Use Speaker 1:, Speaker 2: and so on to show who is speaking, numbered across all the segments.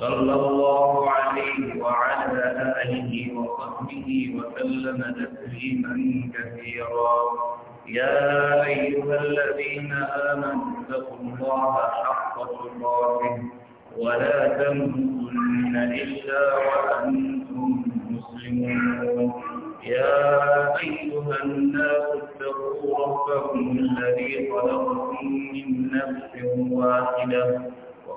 Speaker 1: صلى الله عليه وعلى آله وصحبه وسلم تسليما كثيرا يا أيها الذين آمنوا اتقوا الله حق تقاته ولا تموتن إلا وأنتم
Speaker 2: مسلمون
Speaker 1: يا أيها الناس اتقوا ربكم الذي خلقكم من نفس واحدة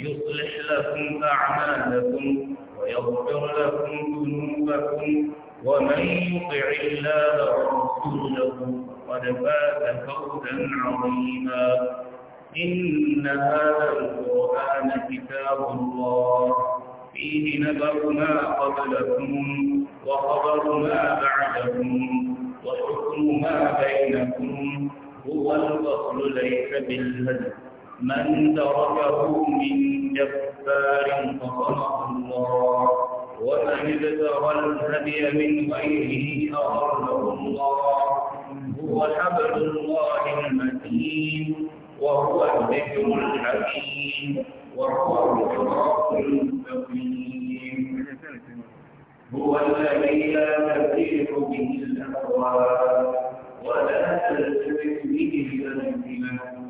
Speaker 1: يصلح لكم أعمالكم ويغفر لكم ذنوبكم ومن يطع الله ورسوله قد فاز فوزا عظيما إن هذا القرآن كتاب الله فيه نبر ما قبلكم وخبر ما بعدكم وحكم ما بينكم هو الفصل ليس بالهدف من تركه من جبار فصمه الله ومن ابتغى الهدي من غيره أضله الله هو حبل الله
Speaker 2: المتين وهو الذكر الحكيم وهو الصراط المستقيم
Speaker 1: هو الذي لا تسير به الأقوال ولا تلتفت به
Speaker 2: الأمثلة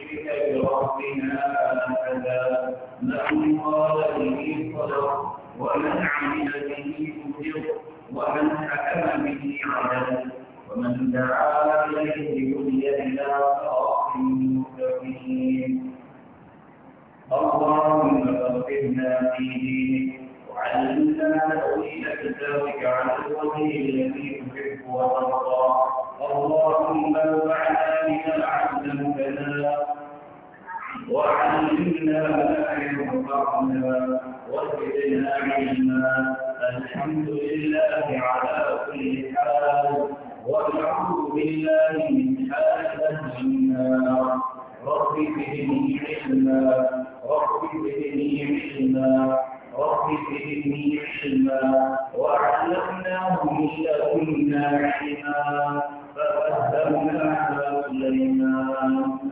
Speaker 1: بربنا
Speaker 2: أحدا قال به صدق ومن عمل به عدل ومن دعا
Speaker 1: إليه هدي إلى صراط
Speaker 2: مستقيم
Speaker 1: اللهم فقهنا في وعلمنا تأويل كتابك عن الوجه الذي تحب وترضى اللهم
Speaker 2: انفعنا بما علمتنا وعلمنا ما ينفعنا وزدنا علما الحمد
Speaker 1: لله على كل حال ونعوذ بالله من حالة النار رب زدني علما رب زدني علما رب زدني علما وعلمناه من لدنا علما
Speaker 2: ففهمناها سليمان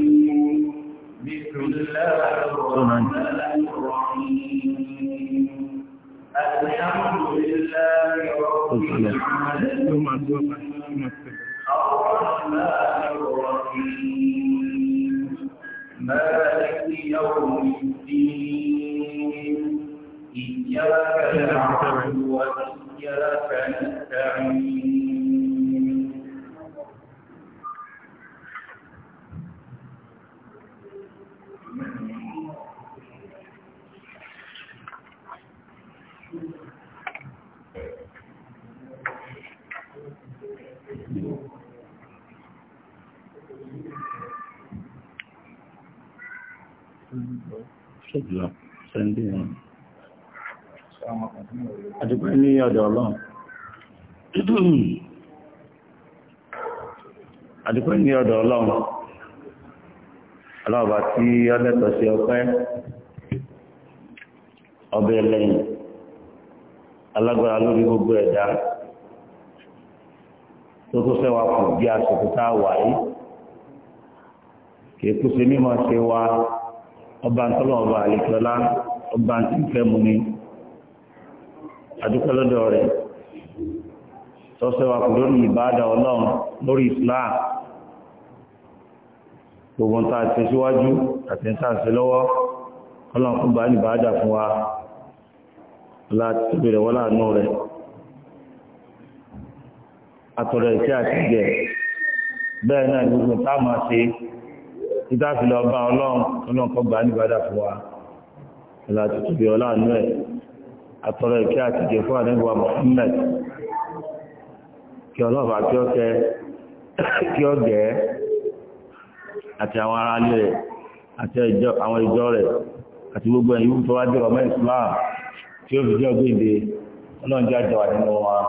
Speaker 2: بسم الله الرحمن الرحيم الحمد لله رب العالمين الرحمن الرحيم مالك يوم الدين إياك نعبد وإياك نستعين ṣèjìlá sẹ́ndì wọn
Speaker 1: àdìpẹ́ ní ọ̀dọ̀ ọlọ́run àdìpẹ́ ní ọ̀dọ̀ ọlọ́run aláàbà tí ọlẹ́tọ̀ sí ọpẹ́ ọbẹ̀ lẹ́yìn alágbára lórí gbogbo ẹ̀dá tó tó fẹ́ wa kù bí aṣòkúta wà yìí kìí kú sí mímọ̀ ṣe wa ọba ntọ́lọ́ ọba àlejòlá ọba ntìfẹ́ mu ni adúpẹ́ lọ́dọ̀ rẹ̀ tọ́sẹ̀wà kò lórí ìbáadà ọlọ́run lórí Islam gbogbo ń ta àti síwájú àti ń tàṣẹ lọ́wọ́ ọlọ́run kún bá ní ìbáadà fún wa láti bèèrè wọ́n láàánú rẹ̀ àtọ̀rẹ̀ nítàfi lọ bá ọlọ́run ọlọ́run kọ́ gbà níbàdà fún wa ọlá tuntun bí ọlọ́run ẹ̀ àtọrọ ìkẹ́ àti ìjẹ fún àdẹ́gbà Muhammad kí ọlọ́ọ̀bà kí ọ kẹ kí ọ gẹ̀ẹ́ àti àwọn ará ilé àti àwọn ìjọ rẹ̀ àti gbogbo ẹ̀yìn tó ọmọ Islam tí ó fi jẹ́ ọgbẹ́ ìdè ọlọ́run jáde wà nínú wọn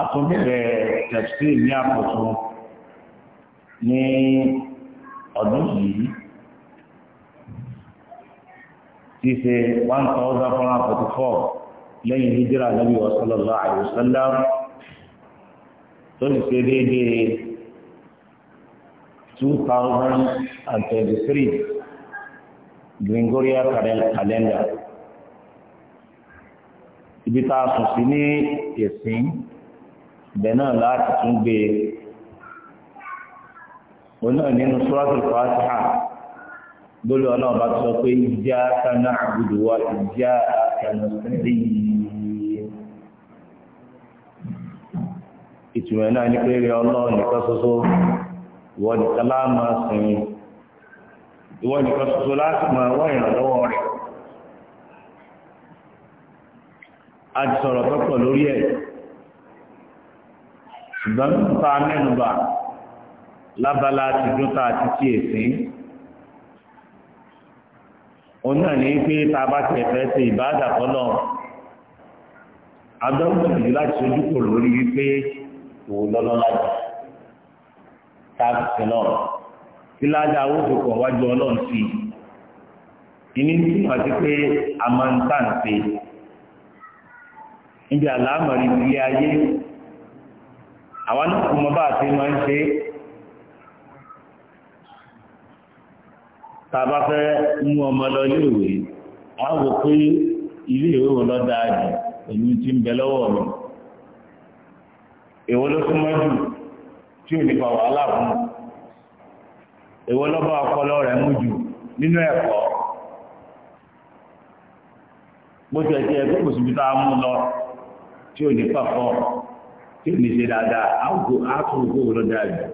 Speaker 1: àtúnbẹ̀rẹ̀ tẹ̀sí ní àkọ́tún ní ọdún yìí ti ṣe 1444 lẹ́yìn hijira nabi wa sallallahu alaihi wasallam tó ti ṣe déédéé 2023 Gregorian calendar ibi tá a sùn sí ní ìsìn ibẹ̀ náà láti tún gbé e nínú Fatiha gbólóhùn ọlọ́run bá sọ pé iyyaka na'budu wa iyyaka nasta'in ìtumọ̀ náà ní pé rí ọlọ́run nìkan ṣoṣo ìwọ nìkan láàmú sìn ìwọ nìkan ṣoṣo láti máa ìrànlọ́wọ́ rẹ̀ a ti sọ̀rọ̀ lórí ẹ̀ ṣùgbọ́n nípa mẹ́nuba lábala tìjúta àti tí èsìn òun náà ní pé tá a bá tẹ̀ fẹ́ ṣe ìbáàdà kọ́lọ̀ agbẹ́wò ìlú láti sojú kò lórí wípé òun lọ́lọ́ lájà táàbù sí náà tí lájà owó tó kọ̀ wájú ọlọ́run sí i ìní túmọ̀ sí pé a máa ń tàǹtẹ̀ níbi àlámọ̀rí ilé ayé àwọn náà kò mọ́ bá àti máa ń ṣe tàbá fẹ́ mú ọmọ lọ iléèwé wọ́n wò pé iléèwé wọn lọ dáa jù èmi ti ń bẹ lọ́wọ́ mi èwo ló súnmọ́ jù tí ò ní fa wàhálà fún un èwo lọ́ba ọpọlọ rẹ̀ mú jù nínú ẹ̀kọ́ bó ti ẹ̀ ti ẹ̀ mú lọ tí ò ní pàfọ́ yóò ní ṣe dáadáa áàgò áàtùnkò ló dáadì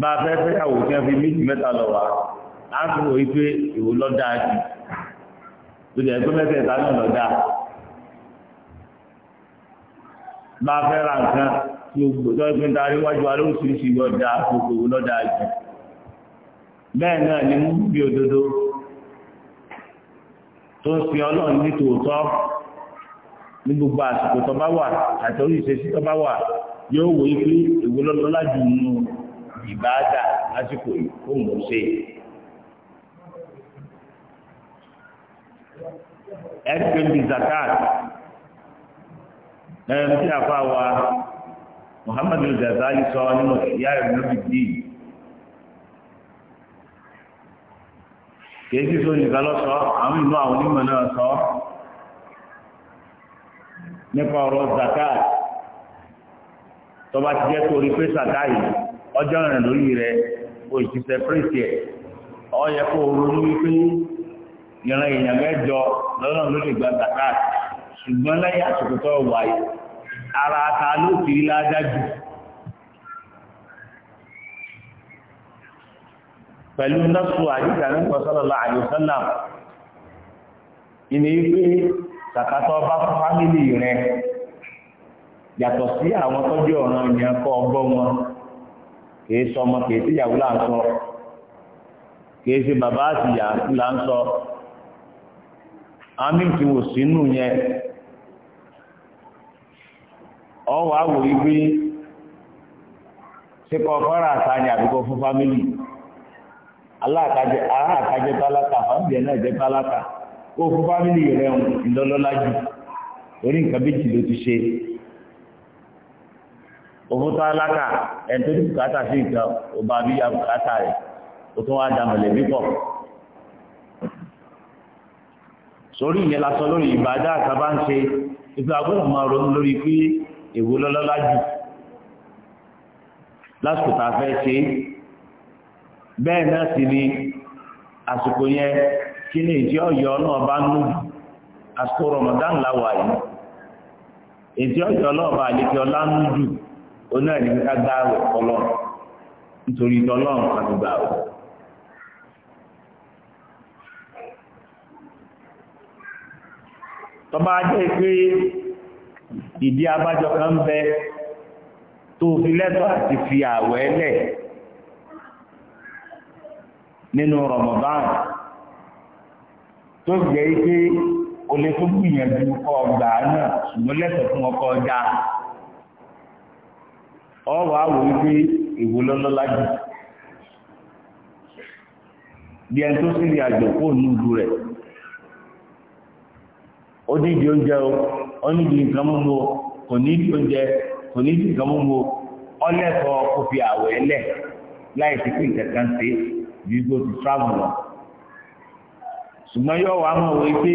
Speaker 1: bá fẹ́ fẹ́ àwò kí wọ́n fi méjì mẹ́ta lọ wá áàtùnkò wípé ìwò lọ dáadì tó jẹ́ pé mẹ́tẹ̀ẹ̀ta náà lọ dáa bá fẹ́ ra nǹkan tí o gbọ́dọ̀ pé ń darí wájú wa lọ dáa gbogbo ìwò lọ dáadì bẹ́ẹ̀ náà ni mú bí òdodo tó ń fi ọlọ́run nítòótọ́ ní gbogbo àsìkò tó bá wà àti orí ìṣesí tó bá wà yóò wòye pé èwo lọ́lọ́lá jù nù ìbáàdà lásìkò yìí kó mò ń ṣe.
Speaker 2: fmb zakat
Speaker 1: ẹni tí a fa wa muhammadu jazali sọ nínú ìyá rẹ̀ lóbi díì. kèéjì sọ nìkan lọ sọ àwọn ìlú àwọn onímọ̀ náà sọ. nípa ọ̀rọ̀ zakat tọba ti jẹ́ torí pé zakat ọjọọ ọjọ́ rìn lórí rẹ̀ o ti sẹpẹ́rẹ́tì ẹ̀ ọ kó ronú wípé ìran èèyàn mẹ́jọ lọ́nà ló lè gba zakat ṣùgbọ́n lẹ́yìn àsìkò tó wà yìí ara ta ló pẹ̀lú nọ́ọ̀sù àdìgbà nípa ìní wípé kàkàtọ̀ ọba fún fámìlì rẹ yàtọ̀ sí àwọn tọ́jú ọ̀ràn yẹn kọ́ ọgbọ́n wọn kìí sọ ọmọ kìí sí ìyàwó là ń sọ kìí sí bàbá àti ìyàwó là ń sọ àmì tí wò sínú yẹn ọwọ́ àwò ibi ṣe kọ́ fọ́nrán àtàyàn àbíkọ́ fún fámìlì aláàkájẹ tálákà fámìlì náà jẹ́ tálákà kó fún fámìlì rẹ̀ ńlọ́lọ́lá jù orí nǹkan méjì ló ti ṣe òfin tó aláka ẹni tó ní bùkátà sí nǹkan ọba àbíyá bùkátà rẹ̀ ó tún wá da mọ̀lẹ́bí sórí ìyẹn la sọ lórí ìbàdà àtàbà ń ṣe ìgbà agbọ́dọ̀ máa ronú lórí pé èwo lọ́lọ́lá jù lásìkò tá a fẹ́ ṣe bẹ́ẹ̀ náà sì ni àsìkò yẹn kí ni ìdí ọ̀yọ́ náà bá nù àsìkò Ramadan làwà yìí ìdí ọ̀yọ́ náà bá àlejò ọlá nù jù oná ẹni ká gbá àwẹ̀ ọlọ́run nítorí ìtọ́lọ́run àti jẹ́ pé ìdí abájọ kan bẹ tó fi àti fi tó jẹ́ pé o lè tó gbìyànjú ọgbà náà ṣùgbọ́n lẹ́sọ̀ fún ọkọ̀ ọjà ọwọ́ àwọ̀ wípé lọ́lọ́lá jù bí ẹni tó sì rí àjò kó rẹ̀ ó dídì oúnjẹ nǹkan oúnjẹ kò nǹkan ọlẹ́kọ̀ọ́ kò fi àwẹ̀ láì sí pé ti ṣùgbọ́n yóò wá mọ̀ wí pé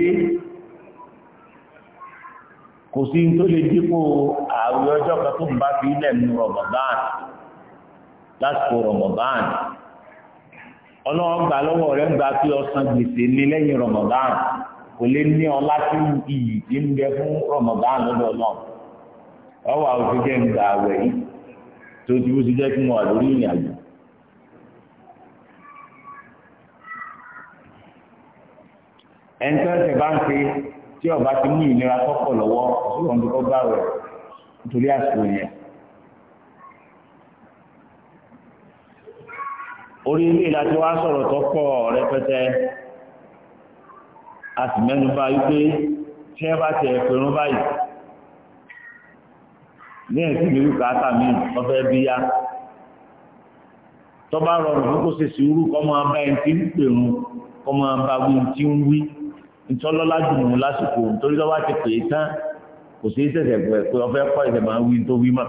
Speaker 1: kò sí tó lè dípò ààrẹ ọjọ́ kan tó ń bá fi ilẹ̀ nù Ramadan lásìkò Ramadan ọlọ́wọ́ gbà lọ́wọ́ rẹ̀ ń gba pé ọ̀sán gbèsè ní lẹ́yìn Ramadan kò lè ní ọlá tí iyì tí ń bẹ fún Ramadan lọ́dọ̀ náà ọwọ́ àwọn òṣìṣẹ́ ń gba àwẹ̀ yìí tó ti bó ti jẹ́ kí wọ́n wà lórí ìrìn àjò ẹni tó ẹsẹ̀ bá ń ṣe tí ọba ti mú ìnira kọ́kọ̀ lọ́wọ́ òṣùwọ̀n tó bá rẹ̀ nítorí àsìkò yẹn. orí ilé láti wá sọ̀rọ̀ tó pọ̀ rẹpẹtẹ a sì mẹ́nu bá wípé tí ẹ bá tẹ ẹ̀fẹ̀rún báyìí ní ẹ̀sìn mi wípé àtàmì ọ̀fẹ́ bí yá tó bá rọrùn fún kó ṣe sùúrù kọ́ máa bá ẹni tí ń pèrún kọ́ máa bá wí tí ń wí ntọ́lọ́lá dùnú lásìkò nítorí tó bá ti pè é tán kò sí sẹ̀sẹ̀ pẹ̀ pé ọfẹ́ kọ́ ìṣẹ̀ máa ń wí tó wí mọ́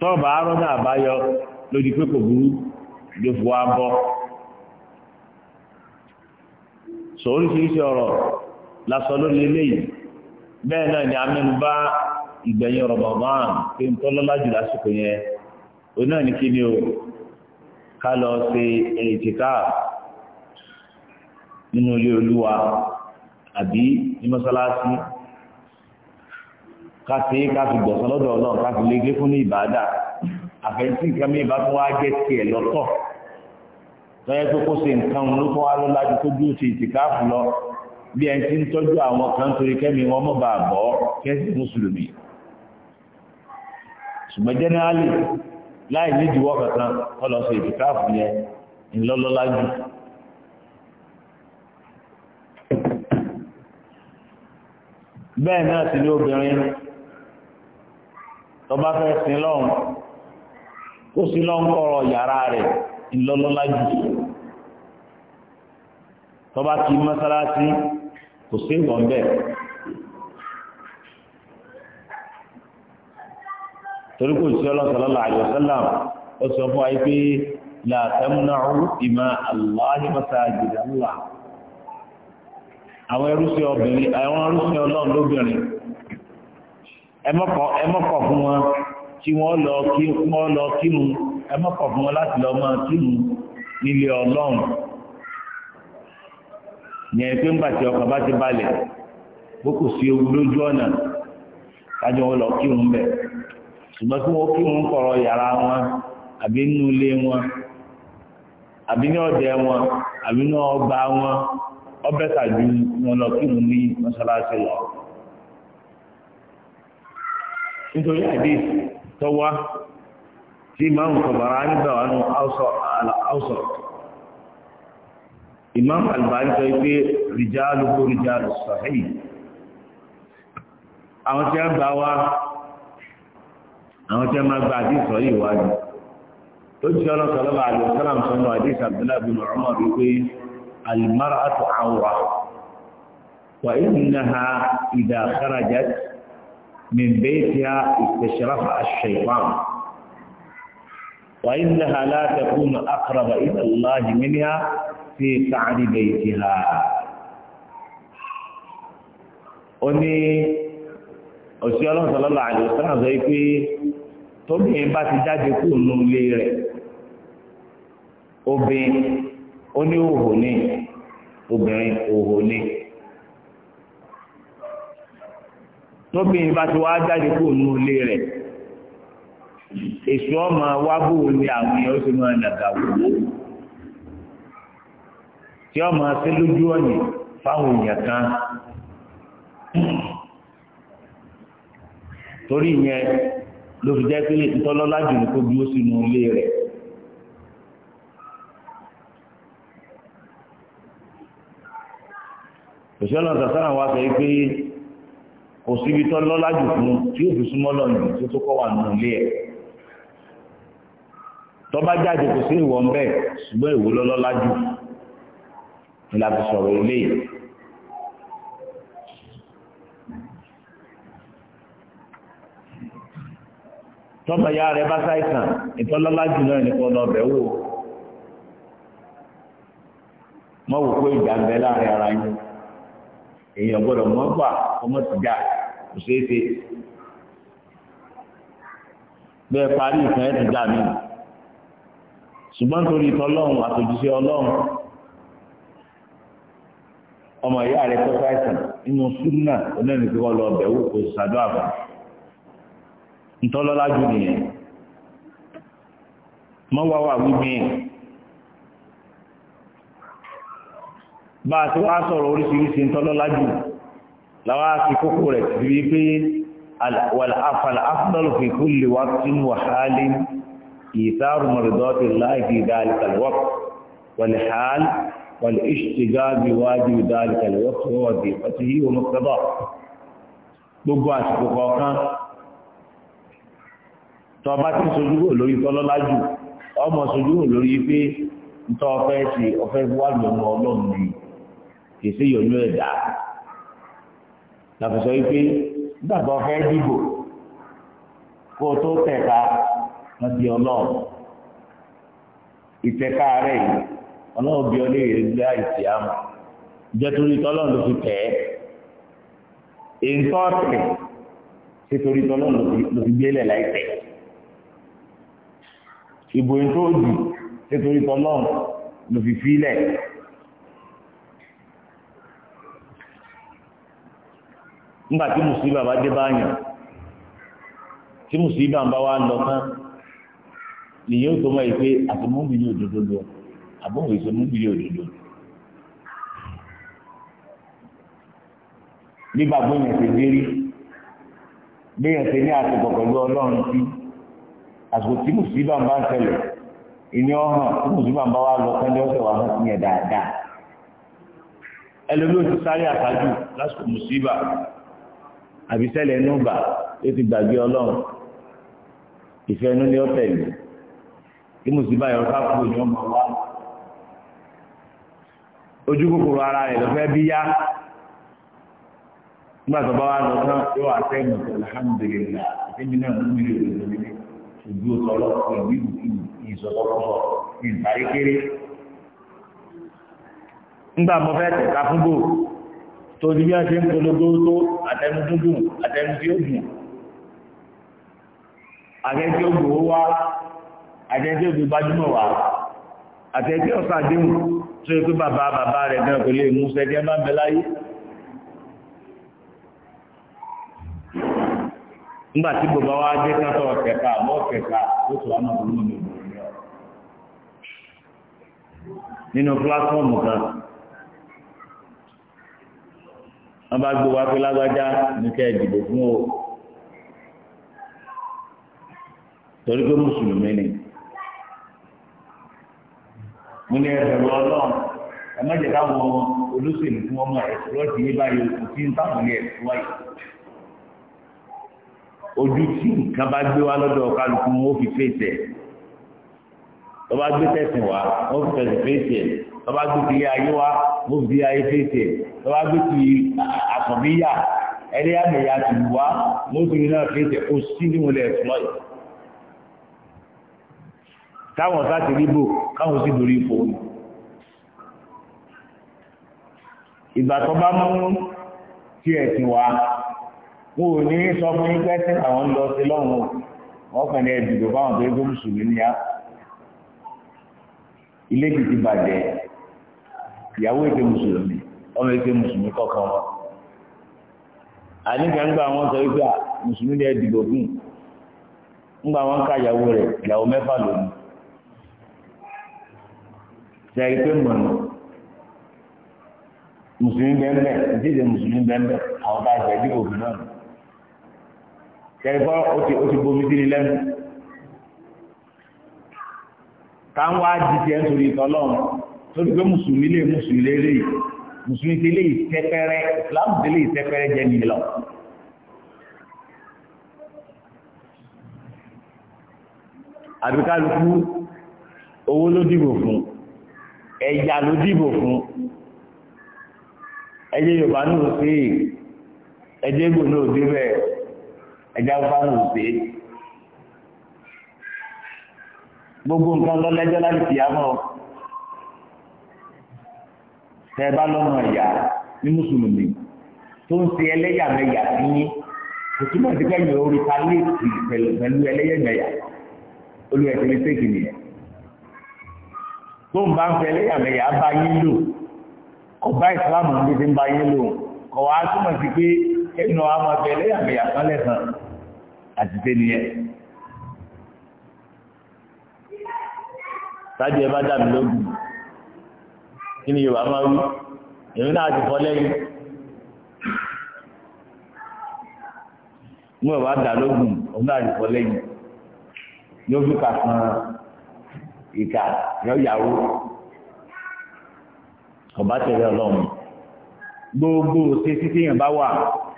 Speaker 1: tọ́ọ̀bù arọ́ náà àbáyọ lórí pé kò burú ló fi wá bọ́ sọ oríṣiríṣi ọ̀rọ̀ lásọ lórí eléyìí bẹ́ẹ̀ náà ni amẹ́nubá ìgbẹ̀yìn Ramadan pé ntọ́lọ́lá jù lásìkò yẹn onáà ní kí o ká lọ ṣe èyí ti káà nínú ilé olúwa àbí ní mọ́sálásí káṣe káṣe gbọ̀sán lọ́dọ̀ ọlọ́run káṣe lége fún ní ìbàdà àfẹ́sí nǹkan mi ìbá tún wá jẹ́ tiẹ̀ lọ́tọ̀ lọ́yẹ́ tó kó ṣe nǹkan ló tún wá ló lájú tó dúró ṣe ìtìkáàfù lọ bí ẹni tí ń tọ́jú àwọn kan torí kẹ́mi wọn mọ̀ bá bọ́ kẹ́sì mùsùlùmí ṣùgbọ́n jẹ́nẹ́rálì láì nídìíwọ́ kankan kọ́ lọ ṣe ìtìkáàfù yẹn ńlọ́lọ́lájú bẹ́ẹ̀ náà ni obìnrin tó bá fẹ́ sin lọ́run ó sì lọ kọ́rọ̀ yàrá rẹ̀ ńlọ́lọ́lájú tó bá kí mọ́sálásí kò sí ìwọ̀n bẹ́ẹ̀
Speaker 2: torí kò sí ọlọ́sọ̀lọ́lọ́ àjọsọ́làm ó sọ fún wa pé la tamna'u ima
Speaker 1: àwọn ẹrúsìn obìnrin àwọn fún wọn lọ kí wọ́n lọ kínu ẹmọ́kọ̀ fún wọn láti lọ máa kínu nílé ọlọ́run yẹn pé ń bàtí ọkàn bá ti balẹ̀ bó kò sí ewu lójú kájọ wọn lọ kí yàrá wọn àbí nínú ilé wọn àbí ní wọn àbí ní ọgbà ọbẹ̀ tàbí wọn lọ kí wọn ní mọ́ṣáláṣí lọ. nítorí hadith tọ́wá tí ìmáàmù kọ̀bàrá nígbà wà nù áùsọ̀ ìmáàmù Albani sọ pé rìjáàlù kó rìjáàlù sahih àwọn tí a gbà wá àwọn tí a máa gba àdìs sọ yìí wá ó ti sọ lọ́sọ̀lọ́ba àlùsọ́làm sọ́nù àdìs Abdullahi bin Umar wípé المرأة عورة وإنها إذا خرجت من بيتها استشرفها الشيطان وإنها لا تكون أقرب إلى الله منها في قعر بيتها أني òṣìṣẹ́ ọlọ́run sọlọ́lá àdìsọ́nà sọ pé tóbìnrin bá ti jáde kúrò nínú ilé rẹ̀ obìnrin ó ní òhò ní obìnrin òhò ní. tóbìnrin bá ti wá jáde kó nu ilé rẹ̀ èso ọmọ wa bò ní àwọn èèyàn ó sì máa nàgà wò ó tí ọmọ sí lójú ọ̀yìn fáwọn èèyàn kan torí ìyẹn ló fi jẹ́ pé ìtọ́lọ́lá jù ní kó dúró sínú ilé rẹ̀. òṣèlú ọ̀sán sára wa sọ pé kò síbi tó lọ́lá jù fún tí ó fi súnmọ́ lọ́nà tó tó kọ́ wà nínú ilé ẹ̀ tó bá jáde kò sí ìwọ̀n bẹ́ẹ̀ ṣùgbọ́n ìwò lọ́lọ́lá jù ni la fi sọ̀rọ̀ ilé yìí. tọ́mọ ya rẹ̀ bá ṣàìsàn ìtọ́lọ́lá jù náà nípa ọ̀nà ọ̀bẹ̀ wò mọ́ pé ìjà ń bẹ láàrin ara yín. èyàn gbọ́dọ̀ mọ́ gbà ọmọ ti ga kò ṣeé ṣe bẹ́ẹ̀ parí ìtàn ẹ̀ ti dà mí ṣùgbọ́n nítorí tọlọ́run àtòjúṣe ọlọ́run ọmọ ìyá rẹ̀ tó fẹ́sàn nínú súnà onẹ́ni tí wọ́n lọ bẹ̀wò wò ṣàdó àbá ntọ́lọ́lá jù nìyẹn mọ́wáwá wí mí bá a ti wá sọ̀rọ̀ oríṣiríṣi tọ́lọ́lájú láwá fi kókó rẹ̀ ti rí pé wàl'afàl'afdọ́lù fi kulli waqtin wa halin ìtàrù mọ̀rọ̀dọ́tì láìfi ìdáàlìkàlwọ́p wàl'hál wàl'ishtigábi wájú ìdáàlìkàlwọ́p tó wà bí pàtí yíò mọ́kàbọ̀ gbogbo àsìkò kọ̀ọ̀kan tó bá ti sojú lórí tọ́lọ́lájú ọmọ sojú lórí pé ntọ́ sí ọfẹ́ wà lọ́nà ọlọ́run nìyí kì í sí yọnú ẹ̀dá làbùsọ yìí pé gbàgbà ọ̀fẹ́ dìbò kó o tó tẹ̀ka wọn di ọlọ́ọ̀ ìtẹ̀ka rẹ̀ yìí ọlọ́ọ̀ bí ọ lè rí gbé àìsí àmọ́ jẹ́torí tọ́lọ́ọ̀ ló fi tẹ̀ ẹ́ èyí tọ́ tẹ̀ ṣe torí tọ́lọ́ọ̀ ló fi gbélé láìpẹ́ ìbò ètò òdì ṣe ló fi fílẹ̀. nígbà tí mùsùlùmí bàbá dé báyàn tí mùsùlùmí bàbá wa lọ tán nìyẹn ó tó mọ̀ yìí pé àtúmọ̀mí ní òdodo lọ àbọ̀wò ìsọmọ̀mí ní òdodo. bí bàbá yẹn ṣe dé rí bí yẹn ṣe ní àsìkò pẹ̀lú ọlọ́run sí àsìkò tí mùsùlùmí bàbá ń ṣẹlẹ̀ ìní ọ̀hàn tí mùsùlùmí bàbá wa lọ tán ní ọ̀sẹ̀ wà hàn sí yẹn dáadáa ẹlòmíràn ti sáré àtàjù lásìkò mùsùlùmí bàbá àbísẹ́lẹ̀ inú bà ó ti gbàgbé ọlọ́run ìfẹ́ inú ni ó tẹ̀lé kí mùsùlùmí ayọ̀ ká kú ìyọ́ mọ̀ wá ojú kòkòrò ara rẹ̀ lọ́fẹ́ bí yá nígbà tó bá wà lọ tán yóò wà sẹ́yìn tó alhamdulillah ìfẹ́mi náà ló mílò lòdò nílé ojú ọ̀tọ̀lọ́ pẹ̀lú ìlú ìsọ̀tọ̀kọ̀sọ̀ ìtàrí kéré nígbà mo fẹ́ tẹ̀ka fún gbòòrò tó di bí a ṣe ń polongo tó àtẹnudúndùn àtẹnudíògùn àtẹnudíògùn ó wá àtẹnudíògùn gbajúmọ̀ wá àtẹnudíò sàdéhùn tó yẹ pé bàbá bàbá rẹ̀ náà kò lè mú sẹ́jẹ́ bá ń bẹ láyé nígbà tí gbogbo wa dé kátó ọ̀kẹ̀ka kan wọ́n bá gbé wa pé lágbájá ní kẹ́ ẹ̀ dìbò fún o torí pé mùsùlùmí ni mo ní ẹgbẹ̀rún ọlọ́run ẹ má jẹ́ káwọn olóṣèlú fún ọmọ ẹ̀sìlọ́ọ̀tì yé báyìí kò sí táwọn ní ẹ̀sìn wáyé ojú tí nǹkan bá gbé wa lọ́dọ̀ kálukú wọn ó fi fèsì ẹ̀ tó bá gbé tẹ̀sìn wa wọ́n fi fèsì fèsì ẹ̀ tó bá gbé tilé ayé wa mo fi ayé tètè lọ́wọ́ gbé ti àkànbíyà ẹni àmìyà ti wá mo fi iná tètè kó sí ní mo lè fúnlọ́ yìí. táwọn ọ̀sá ti rí bò káwọn sì lórí ipò ni. ìgbà tó bá mú tí ẹ̀ ti wá wọn ò ní sọ fún yín pẹ́ sí àwọn ń lọ sí lọ́hùn wọn kàn ní ẹ̀dùn tó fáwọn tó ń gbé mùsùlùmí ní á ilé ti ti bàjẹ́ ìyàwó èké mùsùlùmí ọmọ èké mùsùlùmí kọ̀ọ̀kan wọn
Speaker 2: àníkà ńgbà wọn sọ wípé
Speaker 1: mùsùlùmí ni ẹ dìbò fún ńgbà wọn ká ìyàwó rẹ̀ ìyàwó mẹ́fà lónìí sẹ́yìn pé mọ̀nà mùsùlùmí bẹ́ẹ̀ ìdíje mùsùlùmí bẹ́ẹ̀ àwọn bá ṣe dìbò fún náà sẹ́yìn pé ó ti ó ti bomi sí ni lẹ́nu táwọn á di tiẹ̀ nítorí ìtọ́lọ́run lórí pé mùsùlùmí lè mùsùlùmí lérè mùsùlùmí ti lè tẹ́pẹ́rẹ́ islam ti lè tẹ́pẹ́rẹ́ jẹ́ mi lọ. àbíkálukú owó ló dìbò fún ẹ̀yà ló dìbò fún ẹjẹ yorùbá náà sí ẹjẹ ìgbò náà débẹ̀ ẹjẹ afá náà sí gbogbo nǹkan lọ́lẹ́jọ́ láti fìyà mọ́ ọ tẹ́ ẹ bá lọ́mọ ìyá ní mùsùlùmí tó ń ṣe ẹlẹ́yàmẹ̀yà sí yín kò túmọ̀ sí pé yóò rí paléètì pẹ̀lú ẹlẹ́yàmẹ̀yà olùwẹ̀sẹ̀ lè tẹ́kì nìyẹn tó ń bá ń fẹ́ ẹlẹ́yàmẹ̀yà bá yín lò ọba ìsìlámù ń bí ti ń bá yín lò kọ̀ wá túmọ̀ sí pé ẹnu àwọn ọmọ ẹlẹ́yàmẹ̀yà kan lẹ́sàn àti tẹ́ nìyẹn. sáájú ẹ bá dàbí lógún kí ni yorùbá wí èmi náà ti fọ́ lẹ́yìn mú ẹ̀ dà lógun òun náà ti fọ́ lẹ́yìn yóò fi kà ìkà yóò yàwó ọba tẹ̀lé ọlọ́run gbogbo ṣe títí yẹn bá wà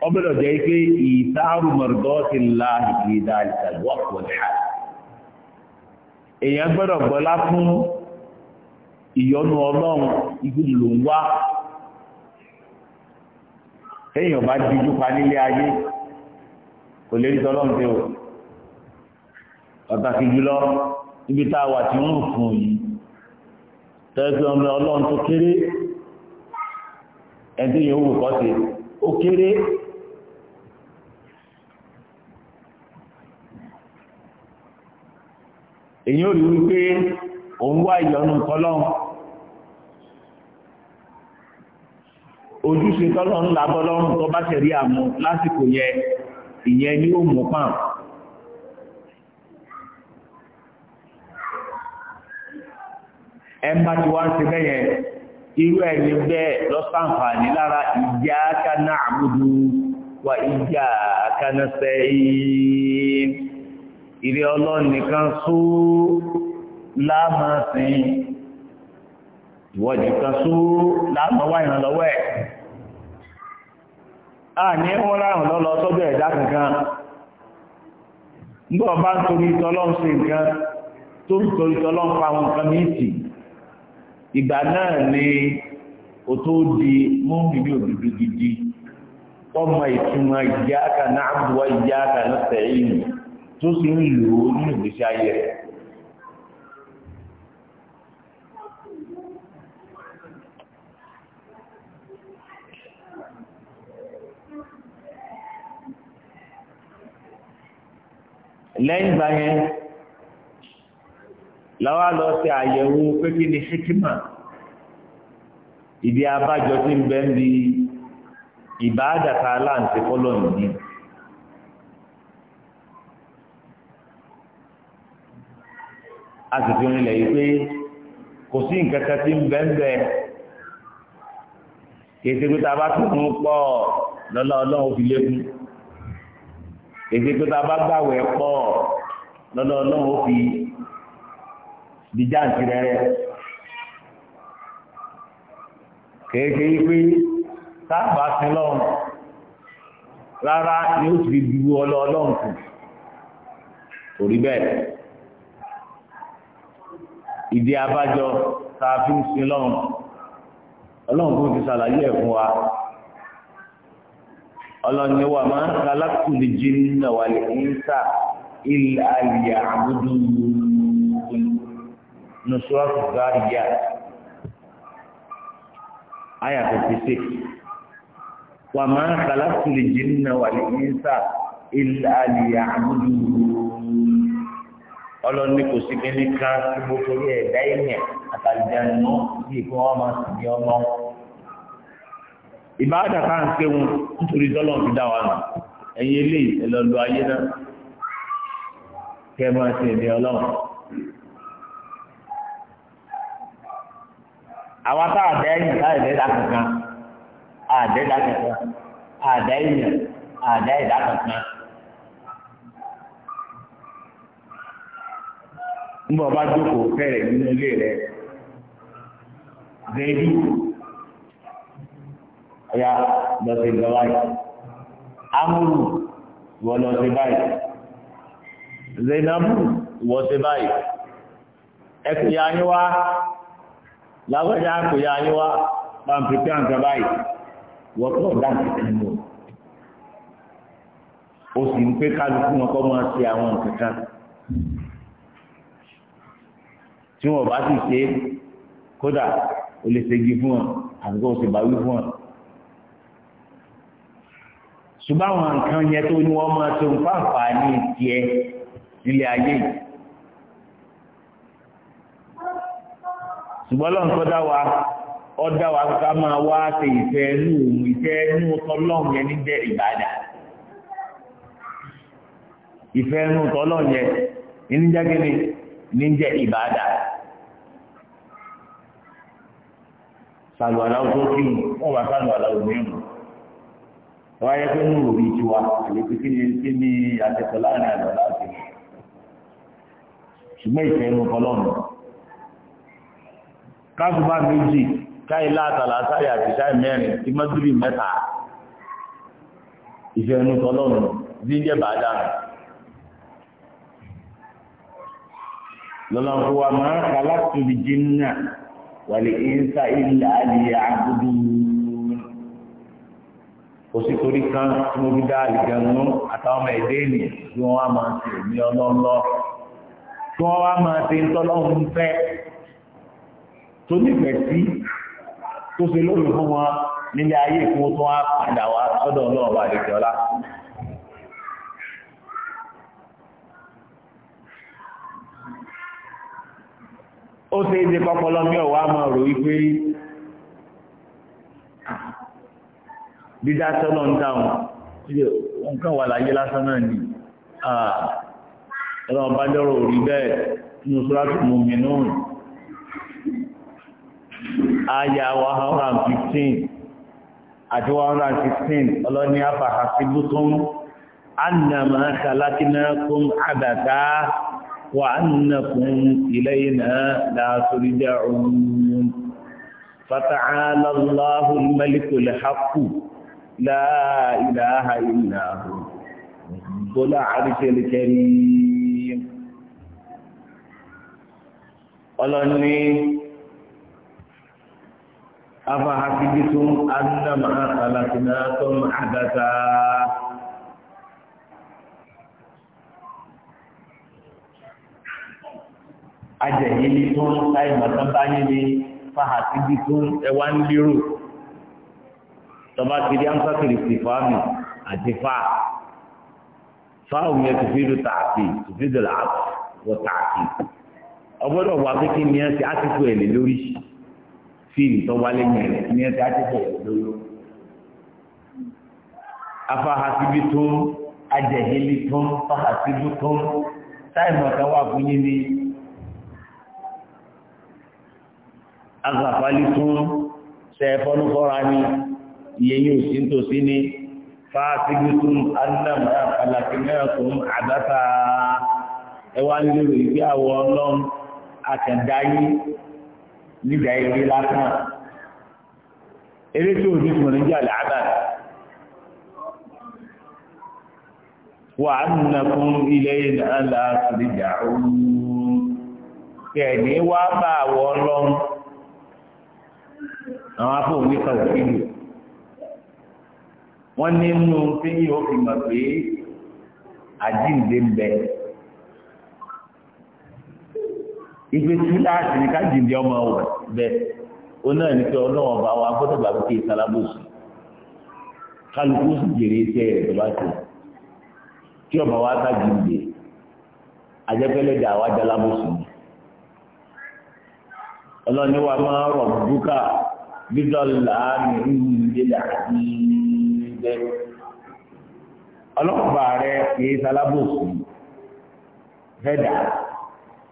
Speaker 1: ọbẹ̀rẹ̀ jẹ́ pé ìtààrù mọ̀rọ̀dọ́ ti la ìgbìdá ìtàgbọ́ pọ̀ ní èèyàn gbọ́dọ̀ gbọ́lá fún ìyọnu ọlọ́run igun ló ń wá téèyàn bá díjú pa nílé ayé kò lè rí tọ́lọ́run tẹ́ o pàtàkì jùlọ ibi tá a wà tí wọ́n fún yìí tẹ́sí ọmọ ọlọ́run tó kéré ẹni tí yóò wù kọ́ sí ó kéré èyí ò rí wípé òun wá ìyọnu tọ́lọ́run. ojúṣe tọ́lọ́ ńlá bọ́lọ́run tó bá ṣẹ̀rí àmú lásìkò yẹn ìyẹn ni ó mú pàm ẹmbá tí wá ń ṣe bẹ́yẹn irú ẹni bẹ́ẹ̀ lọ́sàǹfààní lára ìjà kaná àmúdú wa ìjà kaná sẹ́yìn ìrẹ́ ọlọ́run só lámàsìn ìwọ́dì kan só lámàwá ìrànlọ́wọ́ ẹ̀ a ní wọ́n ráhùn lọ́lọ́ sọ́dọ̀ ẹ̀dá kankan nígbà bá ń torí tọ́lọ́n ṣe nǹkan tó ń torí tọ́lọ́n pa àwọn ni ó tó di mú gidi ọmọ ìtumọ̀ iyyaka na'budu wa iyyaka nasta'in tó sì ń lò ó nínú ìgbésí ayé lẹ́yìn ìgbà yẹn làwa lọ ṣe àyẹ̀wò pé kí ni hikima ìdí abájọ tí ń bẹ ń bi ìbáàdàta aláǹtí kọ́lọ̀ nìyí. a sì fi rinlẹ̀ yìí pé kò sí nǹkan kan tí ń bẹ ń bẹ kì í ṣe pé tá a bá tún un pọ̀ lọ́lá ọlọ́run fi lékún èdè tó ta bá gbàwẹ̀ pọ̀ lọ́dọ̀ ọlọ́run ó fi di jáǹtì rẹ̀ kéèké pé sáàbà sin lọ́run rárá ni ó sì ju ọlọ́ ọlọ́run kù kò rí bẹ́ẹ̀ ìdí abájọ tá a fi ń sin lọ́run ọlọ́run kò ti ṣàlàyé ẹ̀ fún wa ọlọ́ni wà máa ń kalákù lè jí nínú wà lè ń sà ilẹ̀ àlìyà àbúdú nùsùrọ̀tù gáàdìyà àyà fifty six wà máa ń kalákù lè jí nínú wà lè ń ilẹ̀ àlìyà àbúdú ọlọ́ni kò sí kíní kan tí mo torí ẹ̀dá ìyẹn àtàlìjà nù bí kí wọ́n máa sì ní ọmọ ìbáàdà ká ń pé wọn nítorí tọ́lọ̀ fi dá wa nù ẹ̀yin eléyìí ẹlọ́lọ́ ayé náà kẹ́ máa ṣe ẹ̀mí ọlọ́run. àwa tá a dá ẹ̀yìn tá a dá ẹ̀dá kankan
Speaker 2: a dá ẹ̀dá kankan a dá ẹ̀yìn a dá ẹ̀dá kankan.
Speaker 1: nígbà wọn bá jókòó fẹ́rẹ̀ nínú ilé rẹ̀ gẹ́gẹ́ ọ̀yá lọ sí ìgbà báyìí amúrù ìwọ lọ sí báyìí zainabu ìwọ sí báyìí ẹ kò yá yín wá lágbájá kò yá yín wá máa ń pèpè àǹkà báyìí ìwọ kò dá nǹkan nínú o sì ń pé kálukú wọn kọ́ máa ṣe àwọn nǹkan tí wọn bá sì ṣe kódà o lè ṣègi fún wọn àbíkó o fún wọn ṣùgbọ́n àwọn nǹkan yẹn tó ní wọ́n máa tó ń fàfà ní tiẹ̀ nílé ayé yìí
Speaker 2: ṣùgbọ́n lọ́n tó dá wa
Speaker 1: ó dá wa ká máa wá ṣe ìfẹ́ inú òun ìfẹ́ inú tọ́lọ́hún yẹn níbẹ̀ ìbàdà ìfẹ́ inú tọ́lọ́hún yẹn níjẹ́ gíní níjẹ́ ìbàdà sàlùwàlà ó kí wọn bá sàlùwàlà ó mìíràn. wọ́n ayẹ́ pé nínú òbí ti wa àlèkú kí ni kí ni láàrin àgbà láti ṣùgbọ́n ìfẹ́ inú kọlọ́ọ̀nù káfíńbà méjì káyì látàlá sáyà àti sáyà mẹ́rin tí mọ́tìrì mẹ́ta ìfẹ́ inú bá máa ń jìnnà òsì torí kan tí mo fi dá ìjẹun àtàwọn ọmọ ẹ̀dẹ́ èlì tí wọ́n á máa ṣe ní ọlọ́lọ́ tí wọ́n á máa ṣe ńtọ́lọ́hún fẹ́ tó nífẹ̀ẹ́ sí tó ṣe lórí fún wọn nílé ayé ìfún tó wá padà wá sọ́dọ̀ náà wà lè jọlá. ó ṣe é ṣe pọpọlọ mi ò wá máa rò wípé dídá sọ́lọ́ ń dáhùn nǹkan wà láyé lásán náà ni ọlọ́run bá dọ́rọ̀ orí bẹ́ẹ̀ nínú sọ́látù mùmínún àyà 115 àti 116 ọlọ́ni àfàhà sí bútún annama khalaqnakum abata wa annakum ilayna la turja'un fata'ala Allahul malikul haqq لا إله إلا هو ذو العرش الكريم ọlọ́ni afahasibitum annama khalaqnakum abatha ajẹ̀yìn ní tó ń sáyẹ̀ mọ̀tán báyìí ní fahasibitum ẹ̀wá ń lérò tọba ti di ansakiri ti fáàmì àti fáà fáàmù yẹn tó fi lu tààtì tó fi dùn láàbù wọ tààtì ọgbọ́dọ̀ wà pé kí ni ẹ ti àtìkù ẹ lè lórí fíìmù tó wálé yẹn rẹ ni ẹ ti àtìkù ẹ lè lórí. afahasibi tó ajẹhìlì tó fahasibi tó táìmù ọ̀kan wà fún yín ní azàfálí tó sẹ fọnúfọra ni iye yóò sí nítòsí ni fásigbítún anam alákìmẹ́ẹ̀kùn àdáta ẹwà lérò ìgbé àwọ ọlọ́run àtẹ̀dáyé nígbà ilé lásán eré tí ò ní fún ní wà á nà fún ilé ìlànà àtìlẹjà òun kẹ̀ẹ̀ní bá àwọ ọlọ́run àwọn afọ òní kan òfin wọ́n nínú tí yóò fi mọ̀ pé àjíǹde ń bẹ ìgbé tí láti ní ká jíǹde ọmọ wọ̀ bẹ́ẹ̀ ó náà ní pé ọlọ́wọ́n bá wa gbọ́dọ̀ gbàgbé kí ìsalábòsì kálukú sì jèrè iṣẹ́ rẹ̀ tó bá tó kí ọmọ wa ká jíǹde dà wá jalábòsì ọlọ́ni wa máa rọ̀ bùkà bíbélà ní ìlú ìdílé àdìyí jẹ́ ọlọ́ọ̀bà rẹ kìí sálábòsì fẹ́dà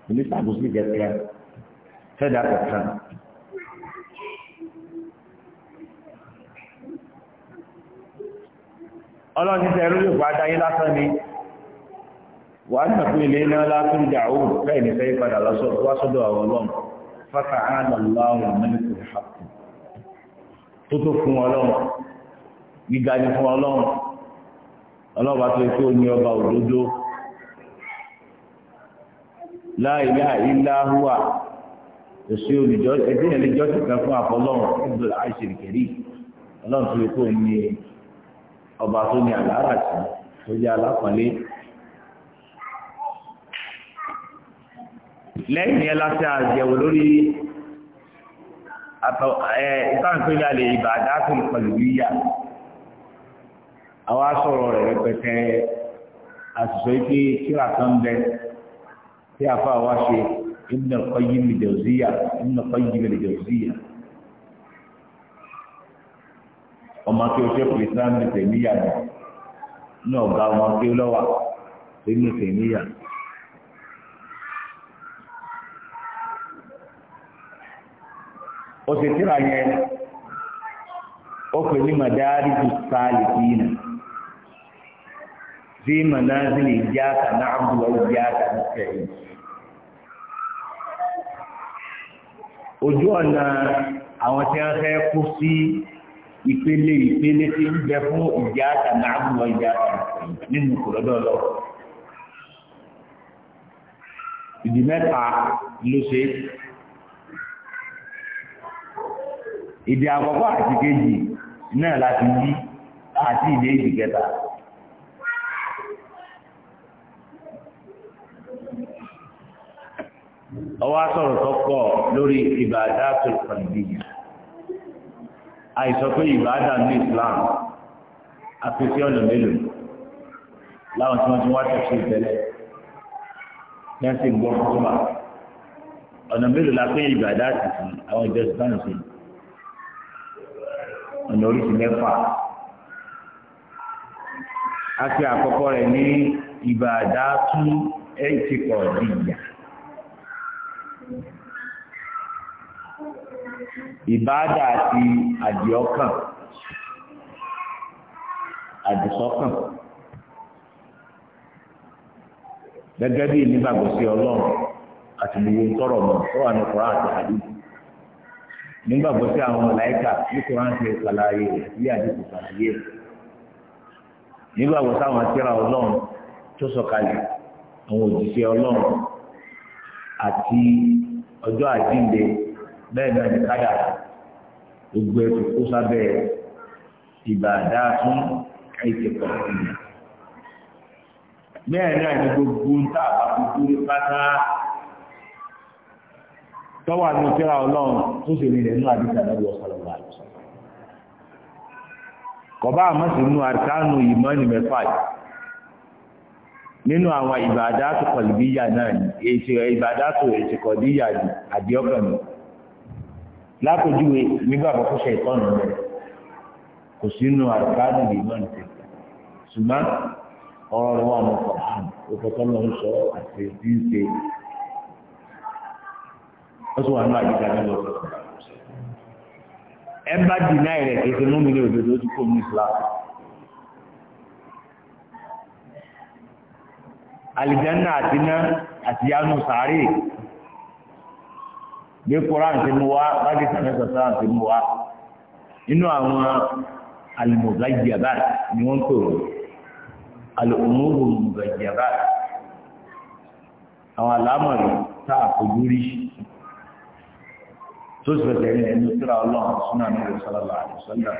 Speaker 1: oníṣàbòsì gẹ̀ẹ́sẹ̀ fẹ́dà kọ̀ọ̀kan.
Speaker 2: ọlọ́ni tẹ̀rù yóò bá dáyé lásán ni
Speaker 1: wà á nàkú ilé náà látún ìjà òun bẹ́ẹ̀ ni fẹ́ padà lọ́sọ́dọ̀ àwọn ọlọ́run fákà ánà láwọn mẹ́lẹ̀kùn ìhàkùn tó tó fún ọlọ́run gíga ni fún ọlọ́run ọlọ́run tó ní ọba òdodo la ilaha huwa òsì olùjọ ẹdín yẹn kan fún àfọlọ́run ẹgbẹ́ ọlọ́run tó yẹ ní ọba tó ní àlàárà tó yẹ alápọ̀lé. lẹ́yìn láti àjẹwò lórí ìtàn ìpínlẹ̀ ìbàdàn àwa sọ̀rọ̀ rẹ̀ rẹpẹtẹ àṣìṣọ́ ike kíra kan bẹ tí àfa wa ṣe Ibn al-Qayyim al-Jawziyya Ibn al-Qayyim al-Jawziyya ọmọ kí o ṣe kò Islam ní tèmíyà ni ní ọ̀gá ọmọ kí o lọ́wà nínú tèmíyà. òṣèṣìra yẹn ó pè ní màdáàrí ju sáà lè fi yìí fi منازل iyyaka na'budu wa iyyaka nasta'in ojú ọ̀nà àwọn tí wọ́n fẹ́ kú sí ìpele ìpele tí ń bẹ fún iyyaka na'budu wa iyyaka nasta'in nínú kòlọ́dọ̀ lọ ìdí mẹ́ta ló ṣe ìdí àkọ́kọ́ àti kejì náà láti yí àti ìdí èjì kẹta ọwọ́ sọ̀rọ̀ tó pọ̀ lórí ìbàdà tó pàdébíyà àìsọ pé ìbàdà ní Islam àfisí ọ̀nà mélòó láwọn tí wọ́n ti wá tẹ̀sí ìtẹ́lẹ̀ ní ẹ̀sìn gbọ́ fúnfà ọ̀nà mélòó la pé ìbàdà ti sùn àwọn ìjọ sùpánù sí ọ̀nà oríṣi mẹ́fà a ti àkọ́kọ́ rẹ̀ ní ìbàdà tún ẹ̀ ti pọ̀ dìyà. ìbáàdà àti àdìọ́kàn àdìsọ́kàn gẹ́gẹ́ bí nígbàgbọ́ sí ọlọ́run àti gbogbo tọrọ mọ̀ tọ́wà ní àti àdìsọ́ nígbàgbọ́ sí àwọn màláíkà ní kọ́ra ti ṣàlàyé rẹ̀ sí àdìsọ́ rẹ̀ nígbàgbọ́ sí àwọn ọlọ́run tó sọ̀kalẹ̀ àwọn òjíṣẹ́ àti ọjọ́ àjíǹde bẹ́ẹ̀ náà ní kádàrá gbogbo ẹ̀ kó sábẹ́ ìbàdá fún àìsèkọ̀ ìyà bẹ́ẹ̀ náà ní gbogbo ń tà àbábúkú ní pátá tọ́wà ní ìfẹ́ra ọlọ́run tó sì rí nínú àdìsá lọ́wọ́
Speaker 2: ọ̀sọ̀lọ́wọ́ àlùsọ̀
Speaker 1: kọ̀bá àmọ́sí nínú àrìkánù ìmọ̀ ní yìí nínú àwọn ìbàdátù kọ̀lìbíyà náà ni èsì ìbàdátù èsì kọ̀lìbíyà ni àdíọ́kàn ni lápòjúwe nígbà àkọ́kọ́ ṣe ìtọ́nù rẹ̀ kò sínú àrùkánù lè mọ́ ní tẹ̀lé ṣùgbọ́n ọ̀rọ̀ wà mọ̀ kọ̀ọ̀kan òkòtọ́ lọ ń sọ àti èdè ń ṣe ó sì wà ní àdìgbà ní lọ ẹ bá dì rẹ̀ kì mú mi ní òdodo ó kó mi ìsìláàmù. alìjẹ́nà àti iná àti yánú sàárè bí koran ti mú wa bájú sàmẹ́sọ̀ sọ́ra ti mú wa nínú àwọn alìmọ̀gájàbá ni wọ́n pè wọ́n alìmọ̀rò mọ̀gájàbá àwọn àlámọ̀rí tá a fojú tó sì fẹsẹ̀ ní ẹni tíra ọlọ́run súnà ní ìrọ̀sọ́lá àdìsọ́lá.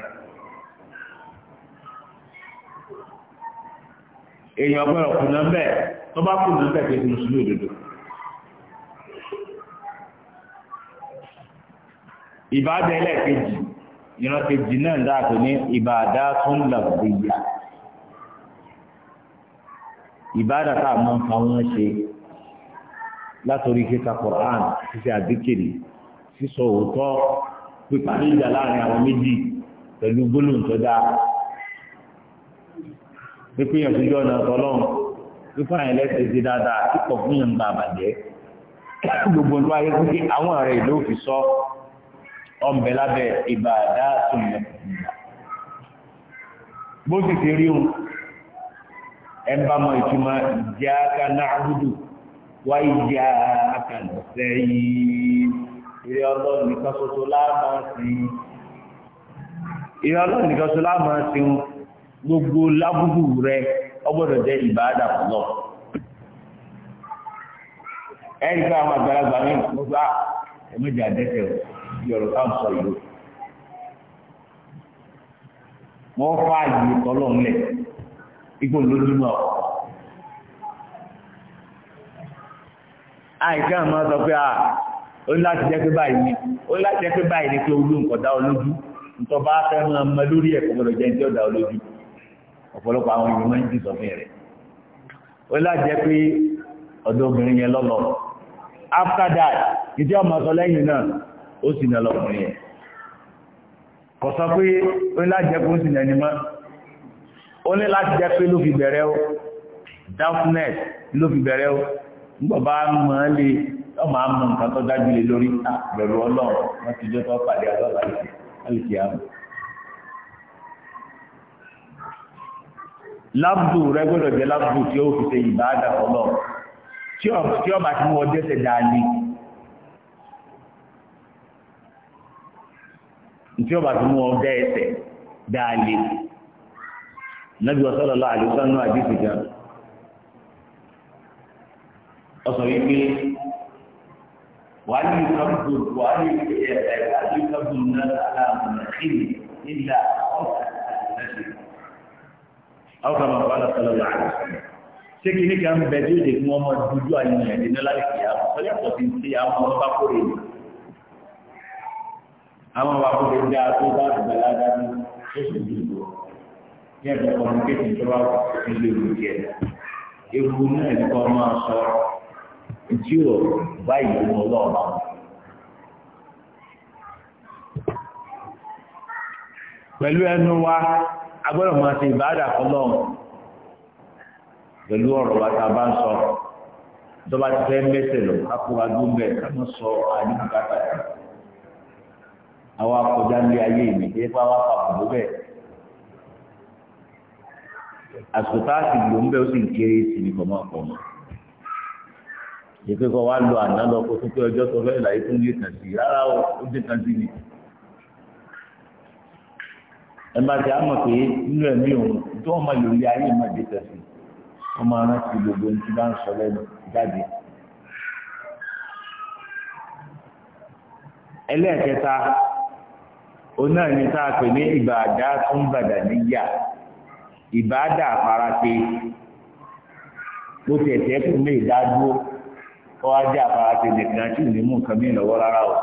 Speaker 1: èèyàn bẹ́ẹ̀ tó bá kù náà kẹ̀kẹ́ sí mùsùlùmí òdodo ìbáàdà ẹlẹ́ẹ̀kejì ìránkejì náà dáàtò ní ìbáàdà tún làbìyà ìbáàdà tá a máa ń fa wọn ṣe látòrí kíka Qur'an ṣíṣe àdìkìrì sísọ òótọ́ píparí ìjà láàrin àwọn méjì pẹ̀lú gbólóǹtọ́dá pípéyàn síjọ́ náà tọ́lọ́run fífún àyìn lẹ́sẹ̀ sí dáadáa kíkọ̀ fún yàn bá àbàjẹ́ gbogbo ní wáyé pé àwọn ọ̀rẹ́ ìlú òfin sọ ọ̀nbẹ lábẹ́ ìbàdá sùnmọ̀ bó sì ti rí òun ẹ bá mọ ìtumọ̀ ìjà ká náà dúdú wá ìjà akànṣẹ́ yìí ìrẹ ọlọ́run nìkan ṣoṣo láàmà sí ìrẹ ọlọ́run nìkan ṣoṣo láàmà sí gbogbo lábúgbù rẹ. ọgbọ́dọ̀ jẹ́ ìbáadà pọ̀lọ́ ẹ̀rí pé àwọn àgbàlagbà ní àdẹ́tẹ̀ ká sọ ìlú wọ́n fà ńlẹ̀
Speaker 2: àìkẹ́ àmọ́ sọ pé à ah,
Speaker 1: ó láti jẹ́ pé báyìí ni ó láti jẹ́ pé báyìí ni pé olú olójú ntọ́ bá fẹ́ ọmọ lórí ẹ̀kọ́ gbọ́dọ̀ jẹ́ olójú ọ̀pọ̀lọpọ̀ àwọn èèyàn máa ń jù sọ́fìn rẹ̀ ó lájẹ́ pé ọ̀dọ̀ obìnrin yẹn lọ́lọ́ after that ìjọ ọmọ sọ lẹ́yìn náà ó sì nà lọ́kùnrin yẹn kò sọ pé ó lájẹ́ pé ó sì nà ní mọ́ ó ní láti jẹ́ pé ló fi bẹ̀rẹ̀ ó darkness ló fi bẹ̀rẹ̀ ó gbọ̀bá mọ́ lè ọmọ àmọ́ nǹkan tó dájú lé lórí àbẹ̀rù ọlọ́run wọ́n ti jọ́ tó pàdé àgbàlá ìfẹ́ alìkìyàmù lábdù rẹ gbọ́dọ̀ jẹ́ lábdù tí ó fi ṣe ìbáadà ọlọ́ tí ọba tí wọ́n dẹ́sẹ̀ dáadé tí ọba tí wọ́n dẹ́sẹ̀ dáadé nàbí sallallahu alaihi wasallam àdìsí gan wípé wàá ní ìkàbùdù wàá ní ìkàbùdù náà àwọn kan máa bá lọ sọlọ lọ àrùn ṣé kí ní kí á ń bẹ tí ó lè fún ọmọ dúdú àyìnbó ní lálẹ kì í àwọn sọlẹ pọ sí ti àwọn ọmọ bá kórè ní àwọn wa kórè ń dá tó bá dùgbà ládàá ní oṣù dùgbò ní ẹgbẹ kọmíkéèkì tó bá nílò ìlú jẹ ewu náà ní kọ máa sọ tí ò báyìí mọ lọ́ọ̀bà. pẹ̀lú ẹnu wa agbọ́dọ̀ máa ṣe ìbáàdà fọlọ́n pẹ̀lú ọ̀rọ̀ bàtà bá ń sọ dọ́ba ti fẹ́ mẹ́sẹ̀ lọ akóra dún bẹ́ẹ̀ ká mọ́ sọ àdínkàtà àwọn akọjá ní ayé mi kí ẹ bá wà fà bẹ́ẹ̀ àsìkò tá a sì lò ń bẹ́ ó sì ń kéré sí i kọ̀mọ́kọ̀mọ́ ìpè kọ́ wa lo àná lọ kó tó pé ọjọ́ tó fẹ́ láyé tó ń lè sí rárá o ó dé kàn sí i ẹ̀bá tí a mọ̀ pé nínú ẹ̀mí òun tó ọmọ lórí ayé máa dé tẹ̀sí wọ́n máa rántí gbogbo ní tí bá ń sọ lẹ́nu jáde. ẹlẹ́ẹ̀kẹta oná ní tá a pè ní ìbàdá tún bàdà níyà ìbàdà àfarapé bó tiẹ̀ tẹ́ kó lè dá dúró wá jẹ́ àfarapé nìkan tí ò ní mú nǹkan mìíràn lọ́wọ́ rárá o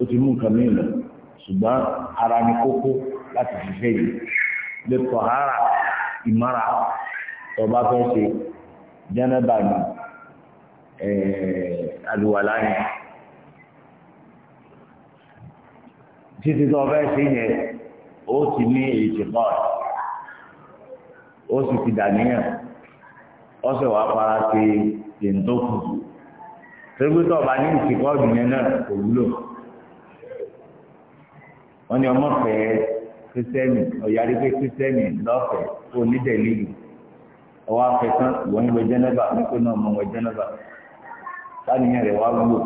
Speaker 1: ó ti mú nǹkan mìíràn ṣùgbọ́n ara ni kókó. láti ṣiṣẹ́ yìí lè tọ̀ rárá ìmára tó fẹ́ ṣe jẹ́nẹ́bà ní àlùwàlá yẹn. títí tó fẹ́ ṣe yẹn ó ti ní èyí pọ̀ ó sì ti dàníyàn ó sì wá fara ṣe tèǹtókù torí ọba ní ìsìnkú ọ̀dùn yẹn náà kò wúlò wọ́n ní ọmọ fẹ́ẹ́. kristiani ọ̀yàrí pé kristiani lọ́fẹ̀ẹ́ kó onídẹ̀ẹ́lìlì ọwọ́ afẹ́tán ìwọ ń wọ jẹ́nẹ́bà nípò náà mọ̀ wọ jẹ́nẹ́bà sáníyàn rẹ̀ wá wúlò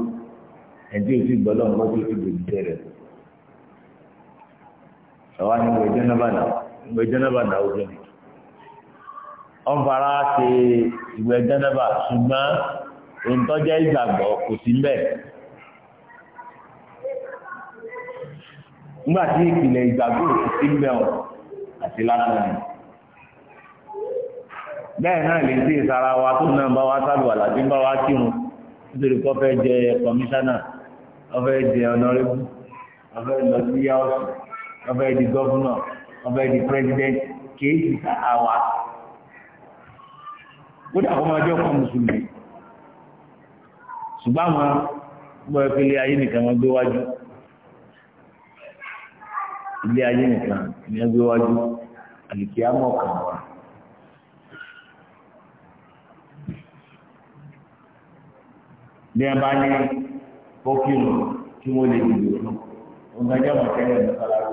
Speaker 1: ẹ̀dí òsì gbọ́dọ̀ ń gbọ́dọ̀ tó dòdì jẹ́ rẹ̀ ọwọ́ ni wọ jẹ́nẹ́bà náà wọ jẹ́nẹ́bà náà ó bẹ̀rẹ̀ wọ́n fara ṣe ìwẹ̀ jẹ́nẹ́bà ṣùgbọ́n ìtọ́jẹ́ ìgbàgbọ́ kò sí mbẹ́ẹ̀. nígbà tí ìpìlẹ̀ ìgbàgbọ́ òkú sí mẹ́ọ̀ àti lásán ni
Speaker 2: bẹ́ẹ̀ náà lè sí ìsara wa tó náà bá wá sábà àlàbí bá wá kírun
Speaker 1: nítorí kó fẹ́ jẹ kọmíṣánná wọ́n fẹ́ jẹ ọ̀nàrẹ́bù wọ́n fẹ́ lọ sí yáwọ́sì wọ́n fẹ́ di gọ́fúnà wọ́n fẹ́ di pírẹ́sidẹ́ntì kìí sára wa kódà kó máa jẹ́ ọkọ̀ mùsùlùmí ṣùgbọ́n àwọn ọmọ ìpínlẹ̀ ayé nìkan wọn gbé wájú ilé ayé nìkan ní ẹgbẹ́ wájú àlìkíyàmọ̀ kan wà. bí a bá ní bọ́kìlù tí wọ́n lè dìbò fún un gbájá mọ̀ tẹ́lẹ̀ ní sálára.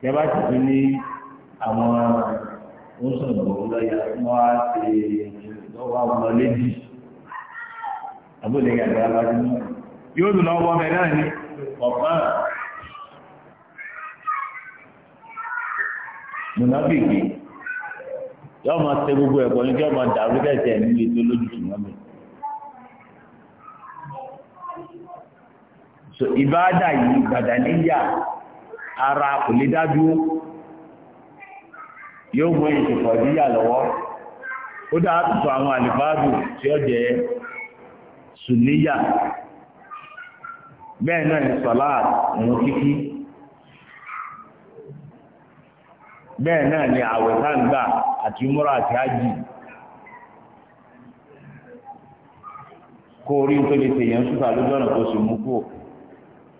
Speaker 1: tí a bá sì tún ní àwọn oṣùnà lọ́yà wọ́n á ṣe lọ́wọ́ àwọn ọlẹ́dì àbúlé yàrá lọ́dún yóò dùn lọ́wọ́ bẹ́ẹ̀ náà ní ọ̀pá. mùnàbìkì yóò máa ṣe gbogbo ní kí ọmọ dàrú kẹsẹ̀ nínú ètò lójútùú náà mi. so ìbáàdà yìí gbàdáníyà ara kò lè yóò mú ó dáa àwọn àlùfáàdù tí ó náà bẹ́ẹ̀ náà ni àwẹ̀ àti múra àti ájì kó orí tó lè tèèyàn ṣúfà lójú ọ̀nà tó sì mú kú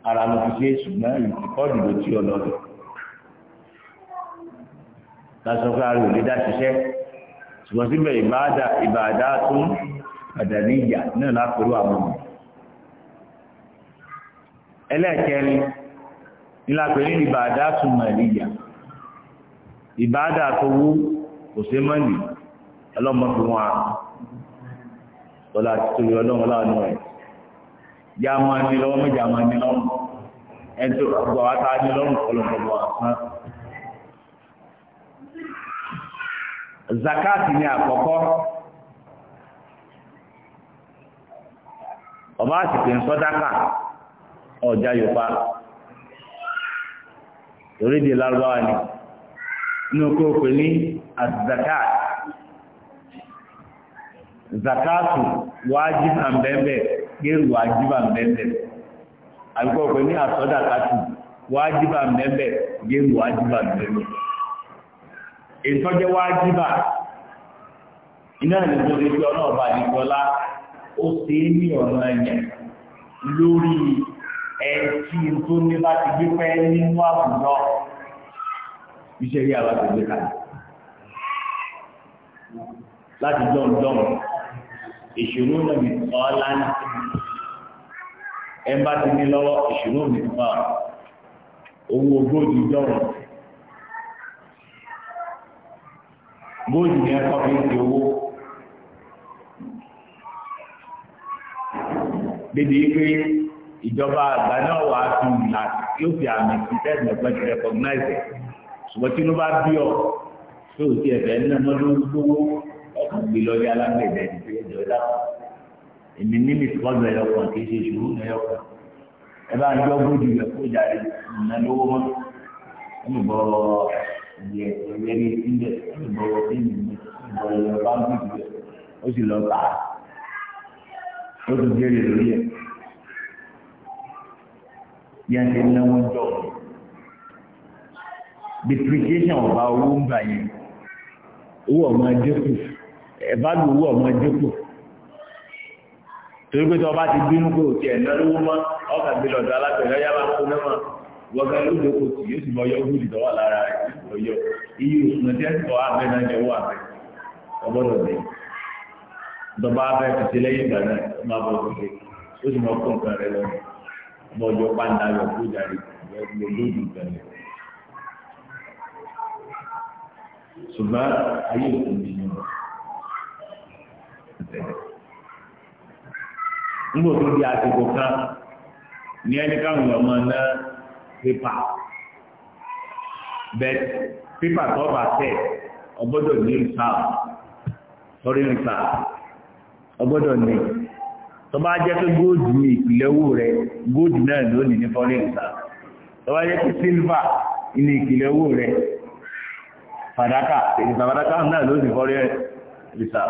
Speaker 1: ara ló fi ṣe ṣùgbọ́n ìkọ́dù ló tí ọlọ́dọ̀ lásán fún àrùn lè dá ṣiṣẹ́ ṣùgbọ́n síbẹ̀ ìbàdá tún àdàní ìyà náà lápẹ̀lú àwọn ọmọ ẹlẹ́ẹ̀kẹrin nílápẹ̀lú ìbàdá tún ìbáàdà tó wú kò sí mọ́nì ọlọ́mọbí wọn tọ́lá ti tóbi ọlọ́run láàánú ẹ̀ yá máa ní lọ́wọ́ méjà máa ní lọ́rùn ẹni tó gbọ́ wá tá a ní lọ́rùn ọba àsìkò ń sọ́dáka ọjà yorùbá orílẹ̀-èdè lárúbáwá ni inú kó pè ní azakat zakatu wájib àmbẹ́mbẹ́ gẹ́rù wájib àmbẹ́mbẹ́ àbíkó pè ní asọ́dàkatu wájib àmbẹ́mbẹ́ gẹ́rù wájib àmbẹ́mbẹ́ ìtọ́jẹ́ wájíbà iná ìlúgbòrò tí ọ̀nà ọba ìgbọ́lá ó sì ní ọ̀nà ẹ̀yẹ̀ lórí ẹ̀ẹ́kí tó ní bá gbé pẹ́ nínú àbùdó iṣẹ́ rí àwọn àgbègbè kalẹ̀ láti dọ́ndọ́n ìṣòro náà mi kọ́ lánàá ẹ bá ti ní lọ́wọ́ ìṣòro mi kọ́ owó ogójì dọ́rùn góòlù yẹn kọ́ fi ń di owó débi pé ìjọba àgbà náà wà á fi ìlà yóò fi àmì sí tẹ́sán pẹ́ẹ́tì rẹ̀ kọ́gnáìsì ṣùgbọ́n tí ló bá bí ọ tó o ti ẹ̀fẹ̀ ní ọmọdún gbogbo ọkàn gbé lọ yá alágbèdẹ nípa ẹ̀jọ̀ ẹ̀dá èmi ní mi fọ́ọ̀dù ẹ̀yọkàn kì í ṣe ìṣòro ẹ̀yọkàn ẹ bá ń yọ gbódì rẹ̀ kó jàre ìrìnà lówó mọ́ ẹnu bọ̀ ẹ̀yẹ ẹ̀yẹ ní ìpínlẹ̀ ẹnu bọ̀ ẹ̀yẹ ní ìpínlẹ̀ ń gbìdì rẹ̀ ó sì lọ bàá ó tún jẹ́rìí lórí ẹ̀ bí ti náwó jọ̀ọ́ depreciation ọba owó ń gbà yẹn owó ọmọ ẹdínkù ẹ̀bádùn owó ọmọ ẹdínkù torí pé tí ọba ti bínú pé òtí ẹ̀ná lówó mọ́ ọkà gbé lọ́dọ̀ alágbẹ̀rẹ̀ yá máa ń kóná mọ́ wọ́gá ló dé kò tì yóò sì lọ́yọ́ gùn ìdọ́wà lára rẹ̀ lọ́yọ́ iye òṣùnà tí ẹ̀ sọ abẹ́ náà jẹ́ owó abẹ́ ọgbọ́dọ̀ bẹ́ẹ̀ dọba abẹ́ tètè lẹ́yìn ìgbà náà ó máa bọ̀ òkè ó sì máa kó nǹkan rẹ̀ lọ́nà ọmọ ọjọ́ pàǹdà rẹ̀ kó jàre lọ́dún ìgbà rẹ̀ ṣùgbọ́n ayé òkú ni wọ́n. nígbà tó di àsìkò kan ní ẹni káwọn ọmọ náà pépà bẹ́ẹ̀ pépà tó bá tẹ̀ ọgbọ́dọ̀ ní ìsáà sọ́rí ìsáà ọgbọ́dọ̀ ní tó bá jẹ́ pé góòdù ní ìpìlẹ̀ owó rẹ̀ góòdù náà lónìí ní fọ́rí ìsáà tó fàdákà èyí fàdákà náà ló sì fọ́rí ẹ̀ lìsà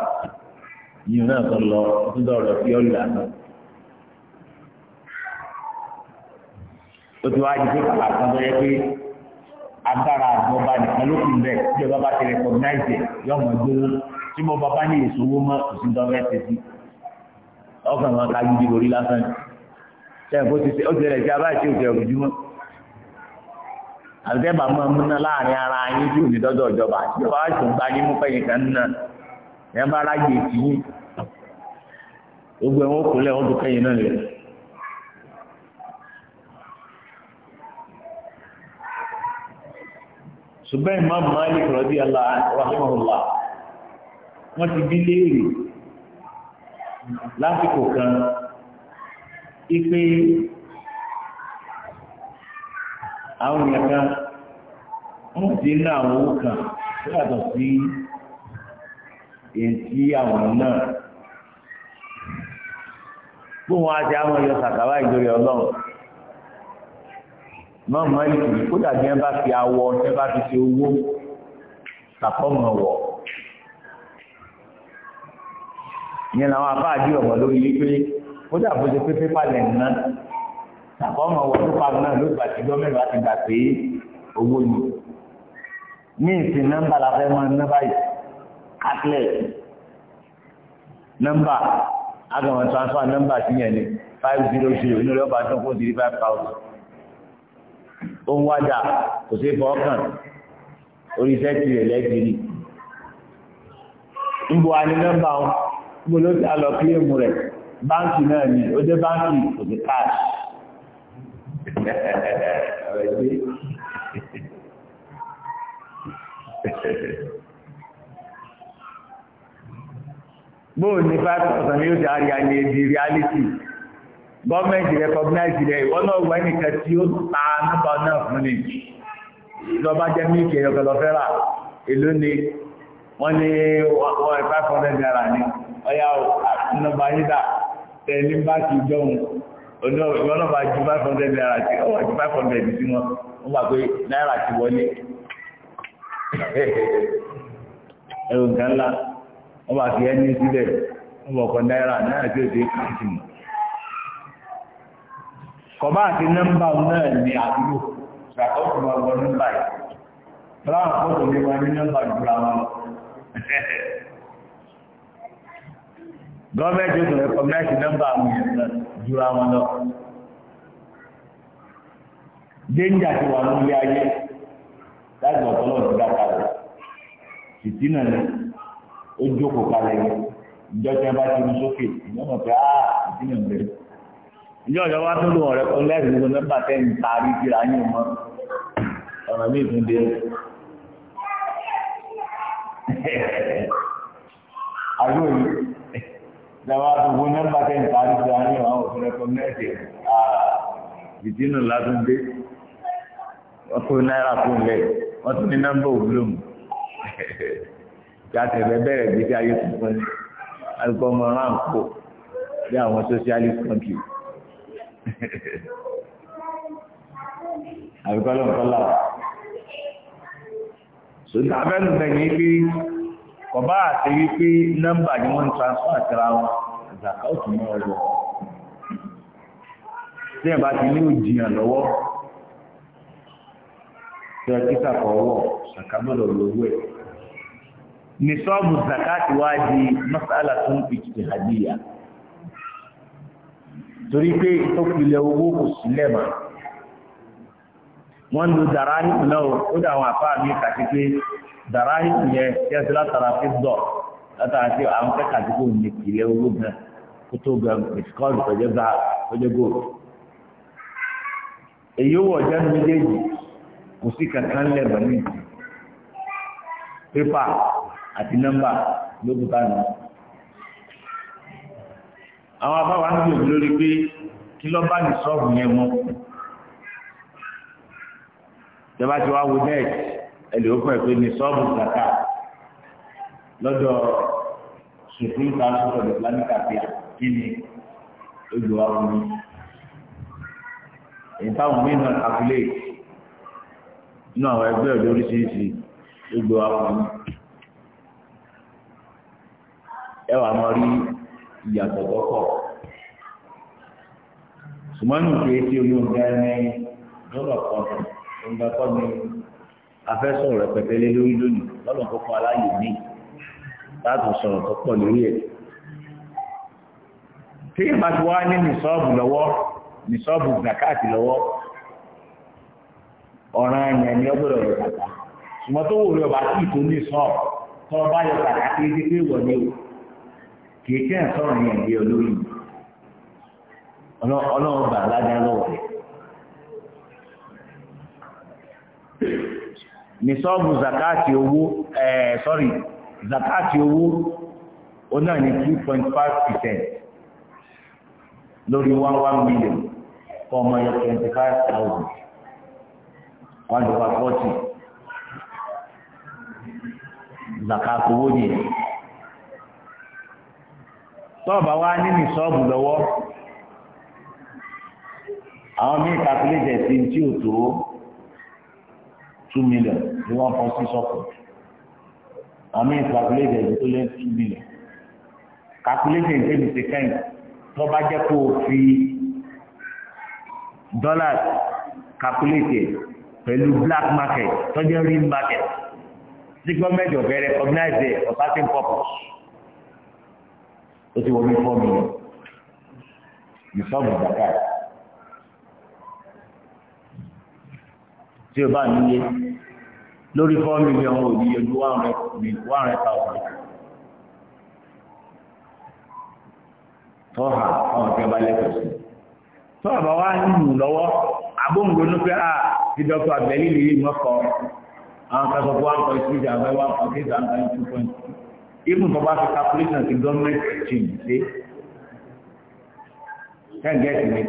Speaker 1: yìí náà tó lọ sídọ̀ ọ̀rọ̀ sí ọ̀rọ̀ ìlànà. ó ti wá di pé kàkà kan tó yẹ pé agbára àgbọ̀ba nìkan ló kún bẹ́ẹ̀ tí ọba bá ti rẹ̀kọ̀gnáìsì yóò mọ̀ gbówó tí mo bá bá ní ìṣòwò mọ́ òsì dọ́fẹ́ ti sí ọkàn wọn ká yíyí lórí lásán ṣe é bó ti ṣe ó ti rẹ̀ ṣe abáṣe òjò ìjùmọ̀ àtẹ́bà máa múná láàrin ara yín tí ò ní dọ́dọ̀ ìjọba àti ìjọba wá sùn gba yín mú pẹ́yìn kan náà ẹ bá ráyè tì yín gbogbo ẹ̀wọ̀n kò lẹ̀ tó pẹ́yìn náà lẹ̀. ṣùgbọ́n Imam Malik radiyallahu rahimahullah wọ́n ti bí léèrè lásìkò kan ipe àwọn èèyàn kan wọ́n ti ná àwọn owó kan tó yàtọ̀ sí èyí àwọn náà gbóhùn àti àwọn ẹyọ sàkàwá ìjọba ọlọ́run náà mọ ìlú kódà bí wọ́n bá fi awọ tí wọ́n bá fi ṣe owó sàkọmọ wọ ìyẹn làwọn afáàdì ọmọ lórí wípé kódà bó ṣe pé pépà lẹ́nu náà tàbí ọmọ wọn tó pa náà ló gbà tí gọ́ọ̀mẹ̀ntì gbà pé owó ni ní ìsìn nọ́mbà la fẹ́ máa ná báyìí kátlẹ̀ nọ́mbà agbọ̀n transfer nọ́mbà sí yẹn ni five zero zero inú rẹ̀ ọba tó kó three five thousand ó ń wájà kò sí fọ́ọ̀kàn orí sẹ́ẹ̀tì rẹ̀ lẹ́gbẹ̀rì níbo a ní nọ́mbà wọn níbo ló ti alọ kílèmù rẹ̀ báńkì náà ni ó dé báńkì kò sí káàsì bóò ní five thousand yóò ti àrí àyè di reality gọ́ọ̀mẹ̀ntì recognize rẹ̀ ìwọ́n náà wọ ẹnìkan tí ó ta nípa náà fún ni ìjọba jẹ́ mílíkì ẹ̀yọ̀kẹ́ lọ́fẹ́rà èló ni wọ́n ní wọ́n five hundred naira ni ọ̀yà nọ́mbà yídà tẹ̀lé bá ti jọun oní ọ̀gbìn wọn ju five hundred naira ti ọwọ́ ju five sí wọn wọ́n gbà pé náírà ti wọlé ẹ̀rù nǹkan ńlá wọ́n máa fi ẹni sílẹ̀ wọ́n bọ̀ kọ́ náírà náírà tí ó ti kàn sí mu. kọ̀bá àti nọ́mbà náà ni àdúgbò ṣàkóso tó nọ́mbà yìí. fúláwọ̀n fọ́tò ní nọ́mbà jùlọ àwọn gọ́ọ̀mẹ́ntì yóò rẹ̀kọ́mẹ́ntì nọ́mbà àwọn èèyàn jura wọn lọ. dénjà ti wà nílé ayé láti ọ̀pọ̀lọpọ̀ ti dá kalẹ̀ títí náà ni ó jókòó kalẹ̀ ni ìjọ tí wọn bá ti mú sókè ìjọ mọ̀ pé áà títí náà bẹ̀rẹ̀. ìjọ ìjọ wa tó lò wọn rẹ̀kọ́mẹ́ntì nínú nọ́mbà tẹ́yìn parí kíra yín mọ́ ọ̀nà mí ìtúndé àyè òyìn dáwà gbogbo nọ́mbà kẹta ní ti àárín àwọn òfin rẹkọmẹ́ẹ̀tì ìdínà látúndé wọ́n kó náírà fún lẹ̀ wọ́n tún ní nọ́mbà òwúlò mu jáde rẹ bẹ̀rẹ̀ gbèsè ayé tuntun ní alùpùpù ránkò bí àwọn socialist country
Speaker 2: àbíkọ́lọ́ nǹkan là sọ́dọ̀ abẹ́nu bẹ̀yìn
Speaker 1: kọ̀bá àti wípé nọ́mbà ni wọ́n ń transfer àtìra wọn ìzàkà ó tún mọ́ ọ̀rọ̀ tí ẹ̀ bá ti ní òjìyàn lọ́wọ́ tí ọ títà kọ̀ ọwọ́ ṣàkà gbọ́dọ̀ lówó ẹ̀ ní sọ́ọ̀bù zàkà ti wá di mọ́sálà tó ń fi torí pé ìtọ́kùlẹ̀ owó kò sílẹ̀ mọ́ wọ́n lo dàrá nípìnlẹ̀ ó dà àwọn àfáà mi kàti pé dàráyé yẹn kẹsí látara fífdọ̀ látara tí àwọn kẹ́kẹ́ àti kò ní ìpìlẹ̀ owó gan kó tó gan ìsikọ́ọ̀lù kọjá gba kọjá góòlù. èyí ó wọ̀ jẹ́nu méjèèjì kò sí kankan lẹ́bàá ní ìdí pépà àti nọ́mbà lókùtà nù. àwọn afáwa ń gbèrú lórí pé kí ló bá ní sọ́ọ̀bù yẹn mọ́. ìjọba ti wá wo nẹ́ẹ̀tì ẹlòmíkọ ẹ pé ní sọ́ọ̀bù zaka lọ́dọ̀ supreme council of islamic affairs kí ni olùwà omi èyí táwọn míín náà calculate nínú àwọn ẹgbẹ́ ọ̀dọ́ oríṣiríṣi olùwà omi ẹ wà máa rí ìyàtọ̀ tọ́kọ̀ sùmọ́nù kìí ṣe olóńgbà ní lọ́rọ̀ kan lọ́rọ̀ kan ní afẹ́sọ̀rọ̀ rẹpẹtẹ lé lórí lónìí lọ́nà tó fún aláyè ní láti sọ̀rọ̀ tó pọ̀ lórí ẹ̀. tí ìbá ti wá ní nìsọ́ọ̀bù lọ́wọ́ nìsọ́ọ̀bù zakati lọ́wọ́ ọ̀ràn ẹ̀yàn ni ọgbọ́dọ̀ yọ kàkà ṣùgbọ́n tó wò lọ́ba tí ìtò ní sọ́ọ̀ tó bá yọ kàkà kí ẹjẹ́ pé wọ̀ ní o kì í tẹ́ sọ̀rọ̀ yẹn di olórí ọlọ́run bà ládàá lọ́wọ́ rẹ̀ nisọ́ọ̀bù zakati owó ẹ̀ẹ́ sọ́rí zakati owó ó náà ní 2.5% lórí 11 million fún ọmọ yọ 25,000 wọ́n jọ wá 40 zakati owó ni ẹ̀ tọ́ọ̀bà wá ní nisọ́ọ̀bù lọ́wọ́ àwọn mí kàkúlẹ̀ jẹ̀ tí ò tó two million ní one point six ọkọ̀ àmì calculate ẹ̀dùn tó lé two million calculate ẹ̀dùn tẹ́lẹ̀ ṣe kẹ́yìn tó bá jẹ́ kó o fi dọ́là calculate pẹ̀lú black market tó jẹ́ real market tí gọ́ọ̀mẹ̀ntì ọ̀fẹ́ recognize it for certain purpose ó ti wọ́n mi four million you solve the zakat tí o bá níye lórí four million ò ní yọjú one hundred thousand. tọ́hà ọ̀hún tí a bá lẹ́tọ̀ọ́ sí. tó àbá wá ń mú lọ́wọ́ àbóǹgbò ní pé a ti dọ́kọ̀ àbẹ̀lí lè yìí mọ́kọ àwọn kan sọ pé one point three àbẹ̀ one point eight and nine two point two. get me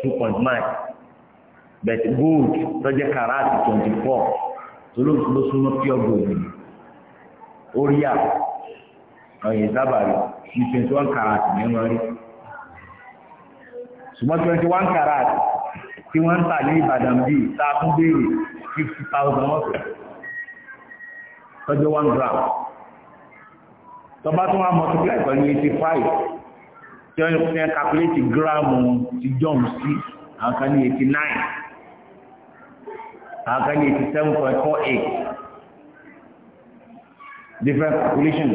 Speaker 1: two point bet gold tọ́jẹ́ karati twenty four tó ló ló súnmọ́ pure gold orí à ọ̀yẹ̀ sábàrí ní twenty one karat ní ẹ̀rọ rí ṣùgbọ́n twenty one karat tí wọ́n ń tà ní Ìbàdàn bíi tá a tún béèrè fifty ọ̀sẹ̀ tọ́jọ́ one gram tọba tó wá multiply pẹ̀lú eighty five tí wọ́n ń calculate gíráàmù ti jọ̀m sí àwọn kan ní eighty àwọn kan ní eighty seven point four eight different calculation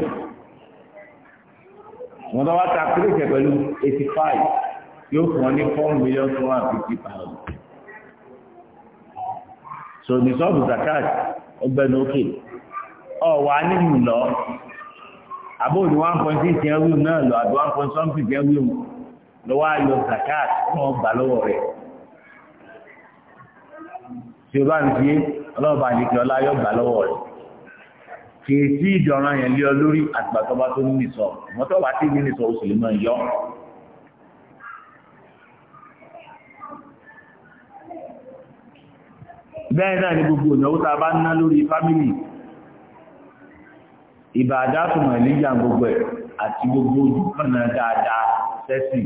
Speaker 1: wọ́n tó wá calculate pẹ̀lú eighty five yóò fún ọ ní four million two hundred fifty thousand so ní sọ́ọ̀bù zakat ọgbẹ́ni òkè ọ̀wà nínú lọ àbóò ní one point six yẹn wíwù náà lọ àbí one point something yẹn wíwù lọ́wọ́ àyọ zakat wọ́n gbà lọ́wọ́ rẹ̀ tí o bá ń fi ọlọ́ọ̀bà àdìkẹ́ ọlá yóò gbà lọ́wọ́ rẹ̀ kì í sí ìdọ̀ràn yẹn lé ọ lórí àtìgbàtọ́ba tó ní nìsọ mọ́tọ́ wa ti ní nìsọ oṣù lè máa yọ. bẹ́ẹ̀ náà ni gbogbo ìnáwó tá a bá ń ná lórí fámìlì ìbàdá tó mọ̀ gbogbo ẹ̀ àti gbogbo ojú kànnà dáadáa sẹ́sìn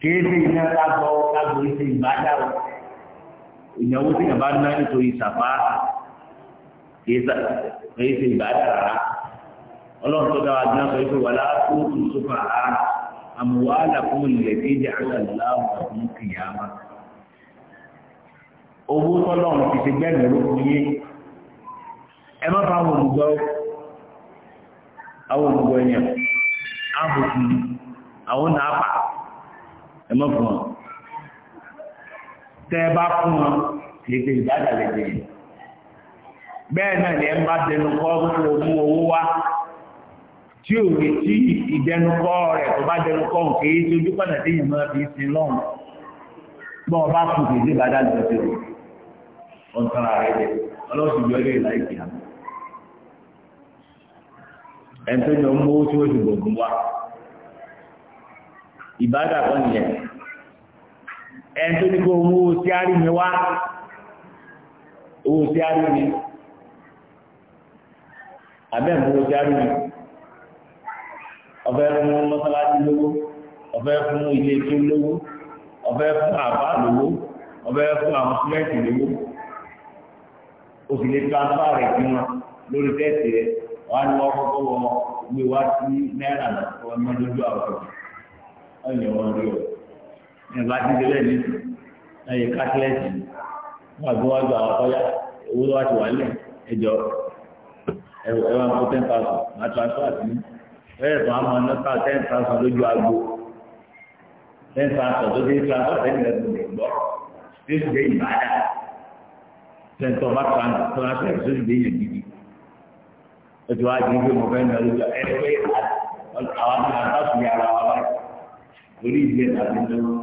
Speaker 1: kì í sí iná lágbọ́ lágbóyè sí ìbàdá ìnáwó tí yàn bá ná nítorí ìsàfà kìí ṣe ìbáàdà rárá ọlọ́run tó dáwà jẹ́ sọ pé wàlá tó tù sófà á àmúwá àlàkùn ilẹ̀ tí ìjà àgbàlá ọ̀hún kìyàmá owó tọ́lọ́run ti ṣe gbẹ́mìí lóko yé ẹ má fa àwọn olùgbọ́ àwọn olùgbọ́ yẹn àbùkù àwọn nàápà ẹ má fún wọn tẹ́ ẹ bá fún wọn kì í ṣe ìdádàlẹ̀ jẹ yìí bẹ́ẹ̀ náà ni ẹ ń bá dẹnukọ́ mú owó wá tí ò lè tí ìdẹnukọ́ rẹ̀ tó bá dẹnukọ́ nké sojú pọ̀nà tí yìí máa fi sin lọ́hùn bọ́ ọ bá kù kì í ṣe ìbádà lọ sí o wọn tán ara rẹ jẹ ọlọ́sùn yọ ilé ìlà ìkìlá ẹ̀ ń tó yọ mú owó tí ó ti gbòògùn wá ìbádà kan nìyẹn ẹni tó ní kó owó tí a rí mi wá owó tí a rí mi abẹ́ mi owó tí a rí mi ọ̀fẹ́ fún mọ́sálásí lówó ọ̀fẹ́ fún ilé tó lówó ọ̀fẹ́ fún àbá lówó ọ̀fẹ́ fún àwọn sílẹ̀tì lówó o sì lè transfer rẹ̀ fún wọn lórí tẹ́sì rẹ̀ wọ́n ní wọ́n kọ́kọ́ wọ́n gbé wá sí náírà náà wọ́n mọ́ lójú àwọn ọ̀rọ̀ ọ̀yẹ̀ wọn rí ọ̀rọ̀ nígbà tí ìdílé ní ẹyẹ kátílẹ́tì wọn àbí wọn gba ọkọyà owó lọ́wọ́ ti wà nílẹ̀ ẹjọ ẹwà fún ten thousand máa transfer sí ní bẹ́ẹ̀ tó àwọn ọ̀nà ten thousand lójú agbo ten thousand tó dé transfer sẹ́yìn lẹ́nu lè gbọ́ tí ó dé ìbàdà sẹ́ńtọ̀ bá transfer tó dé yẹn gidi ó ti wá di ibi mo fẹ́ nà lójú ẹ pé
Speaker 2: àwọn àtàkùn yàrá
Speaker 1: wa báyìí orí ìdílé tàbí lọ́wọ́.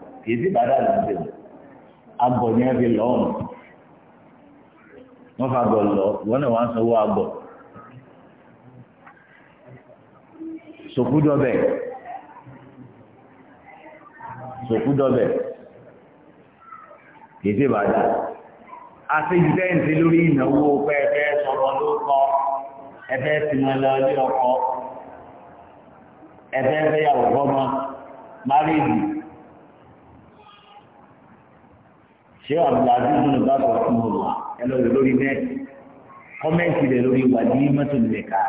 Speaker 1: kì í sí bàdà ló ń bẹ̀rẹ̀ agbọ̀ ní ẹbí lọ́ọ̀nù wọ́n fa agbọ̀ lọ wọ́n náà wọ́n á sanwó agbọ̀ sòkúdọ̀bẹ̀ sòkúdọ̀bẹ̀ kì í sí bàdà àfẹ́jìdẹ́ǹtì lórí ìnáwó pẹ́ẹ́fẹ́ sọ̀rọ̀ ló kọ́ ẹfẹ́ sinmi lọ ilé ọkọ ẹfẹ́ fẹ́yàwó fọ́mọ máríìdì. ṣé abdulaziz bin bàbá ọkùnrin ọlọ ẹ lọ rẹ lórí bẹ́ẹ̀ kọmẹǹtì rẹ lórí wàlímọtò nìkà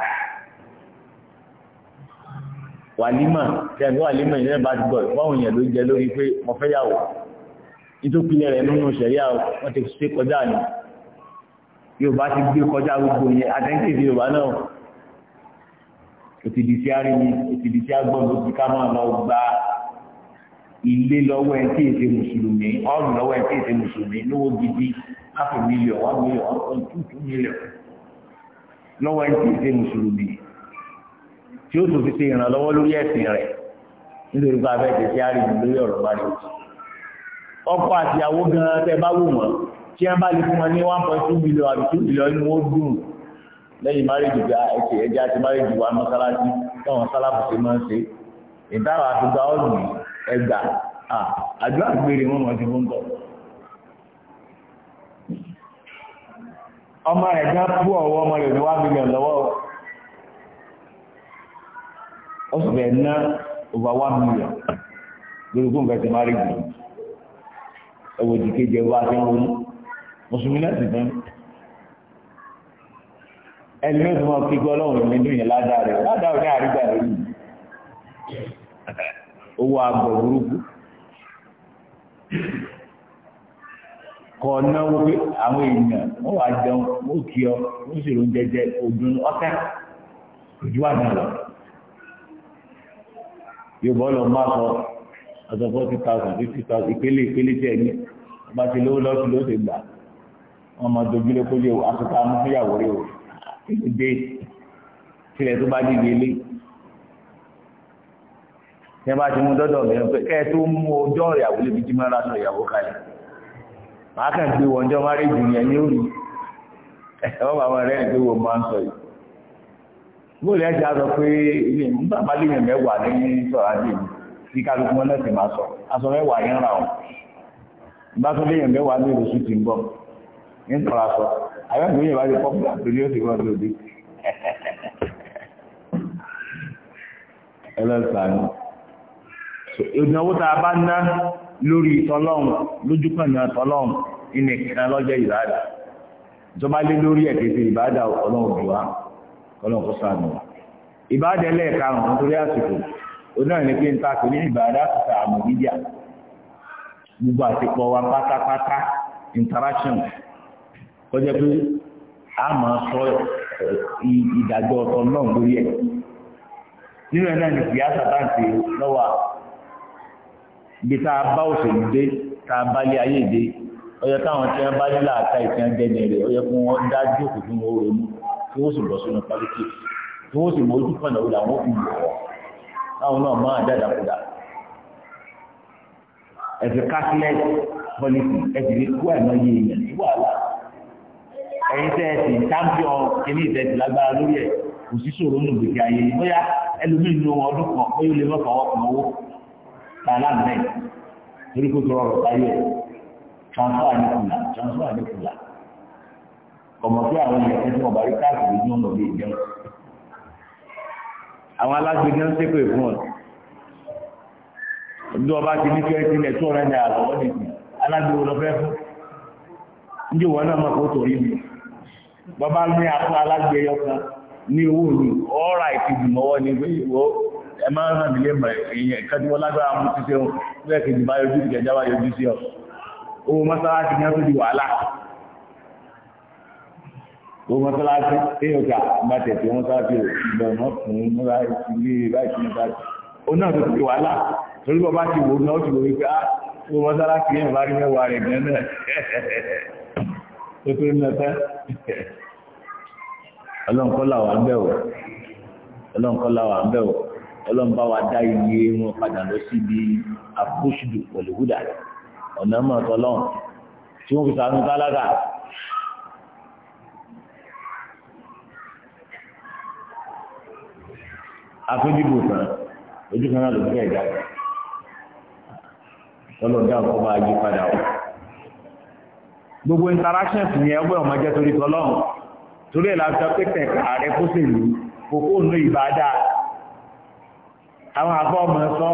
Speaker 1: wàlímà tí a ń gbọ́ wàlímà ìrẹ́ bá ti gbọ́ ìfọ́hùn yẹn ló jẹ lórí pé mo fẹ́ yàwó nítòpínlẹ̀ rẹ̀ nínú ṣẹ̀ríà wọ́n ti ṣe kọjá ni yorùbá ti gbé kọjá gbogbo yẹn àtẹ́ńtìfì yorùbá náà òtìdí sí àríyìn agbọ́n ló ká máa lọ gba ilé lọ́wọ́ ẹ̀ tí èdè mùsùlùmí ọ̀rùn lọ́wọ́ ẹ̀ tí èdè mùsùlùmí lówó gidi half a million one million one point two two million lọ́wọ́ ẹ̀ tí èdè mùsùlùmí tí ó tún fi ṣe ìrànlọ́wọ́ lórí ẹ̀sìn rẹ̀ nítorí pé abẹ́ ìdẹ̀sí àríyìn lórí ọ̀rọ̀ báyìí ọkọ àtìyàwó gan-an tẹ́ bá wù wọ́n tí wọ́n bá lè fún wọn ní one point two million àbí two million inú ó dùn lẹ́yìn márèjì gba ẹ̀kẹ́ ẹ̀jẹ̀ àti márèjì wa mọ́sálásí táwọn sálábùsẹ̀ máa ń ṣe ìdáwà àti gba ọ́ọ̀lù yìí ẹgbà àjọ àgbèrè wọn wọ́n ti fún tọ́ ọmọ rẹ̀ já pú ọwọ́ ọmọ rẹ̀ ní wá mílíọ̀n lọ́wọ́ ó sì bẹ̀ ná over one million lórí fún ìfẹ́ ti má rí gbìyànjú ẹwọ́ ti kéje wá sí wọn mùsùlùmí náà sì fẹ́ ẹni mẹ́sàn-án kíkọ́ ọlọ́run ní dùn yẹn ládàá rẹ̀ ládàá rẹ̀ àrígbà lórí owó agbọ̀ burúkú kọ̀ náwó pé àwọn èèyàn wọ́n wà jẹun wọ́n kí ọ wọ́n sì ló ń jẹjẹ ọdún ọ̀sẹ̀ ojú àná lọ yorùbá lọ máa sọ ọ̀sán forty thousand fifty ìpele ìpele tí ẹ ọba ti lówó lọ́sùn ló ti gbà wọn máa dojúlé kó lé o àtúntà amúfúyàwó rẹ o kí ló dé tilẹ̀ tó bá dìde lé. tí wọ́n bá ti mú dọ́dọ̀ mìíràn pé kẹ́ tó mú ọjọ́ rẹ̀ àwúlé bí jí mọ́ra ìyàwó kalẹ̀ máa kàn gbé wọn jọ máa rí jù yẹn ní òrì bàbá rẹ̀ ní máa ń sọ yìí bóòlù sọ pé ilé bàbá lè mẹ́wàá ní sọ̀rọ̀ tí kálukú wọn máa sọ aṣọ mẹ́wàá yẹn ra ọ̀ bá tún lè mẹ́wàá ní oṣù ìnáwó tá a bá ná lórí tọlọ́run lójúkànnà tọlọ́run ìní kan lọ́jọ́ ìbáàdà ìjọba lé lórí ẹ̀kẹ́sẹ̀ ìbáàdà ọlọ́run jù wá ọlọ́run kó sànù wá ìbáàdà ẹlẹ́ẹ̀karùn-ún nítorí àsìkò onáà ní pé ń ta pé ní ìbáàdà kùtà interaction kọjá pé a máa sọ ìdàgbọ́ ọ̀tọ̀ náà lórí ẹ̀ nínú ẹ̀ náà ní kìí ibi tá a bá òṣèlú dé tá a bá lé ayé dé ọyọ táwọn tí wọn bá ní làákà ìfihàn jẹni rẹ ọyọ kí wọn dá jókòó fún wọn ronú tí wọn sì lọ sínú pálíkì tí wọn sì mójú kànáà wọlé àwọn òfin lò wọn táwọn náà máa dáadáa kúdà ẹsẹ catholic policy ẹsẹ lè kú àìmọ̀ yé èèyàn
Speaker 2: ní wàhálà ẹyin tẹ ẹ sì champion kìíní ìtẹsí
Speaker 1: lágbára lórí ẹ kò sí ṣòro gbèsè ayé bóyá ẹlòmíín lo ọdún kan bóyá ó lè mọ tààlà mẹ́ torí kó tó rọrọ̀ táyé transfer ní kùlà transfer ní kùlà ọmọ tí àwọn wọn bá rí káàkiri ní bíi àwọn ń ṣépè ọ ọdún ọba ti ní twenty net two hundred naira lọ́wọ́ nìkan alágbèéwò lọ fẹ́ fún ndí wọn náà kó mi bàbá ẹ máa ràn mí lé mọ̀ èèyàn ìkẹ́díwọ́ lágbára mú títẹ́ ohun bẹ́ẹ̀ kì í bá yọjú ìjẹjáwá yọjú sí ọ owó mọ́sálásí ní ọ́sùn di wàhálà owó mọ́sálásí èèyàn kà bá tẹ̀sí mọ́sálásí ìbẹ̀rẹ̀ mọ́ fún múra ilé báyìí mọ́sálásí ó náà tó ti wàhálà torí bọ́ bá ti wò náà ó ti ah, ń lọ tán ń bẹ̀wò ọlọ́mbà wa dá iye wọn padà lọ síbi àkóṣùdù pẹ̀lú húdà ọ̀nà mọ̀ tọ́lọ́n tí wọ́n fi sàánú tálákà. afẹ́dìbò kan ojú kan náà ló fẹ́ ẹ̀dá ọlọ́dà ọkọ̀ bá yí padà wọ̀. gbogbo interactions yẹn ọgbẹ́ ọmọ jẹ́ torí tọ́lọ́n torí ẹ̀ la sọ pé tẹ̀ka rẹ kó sì lù kókó nù ìbádà àwọn àfọ́ ọmọ sọ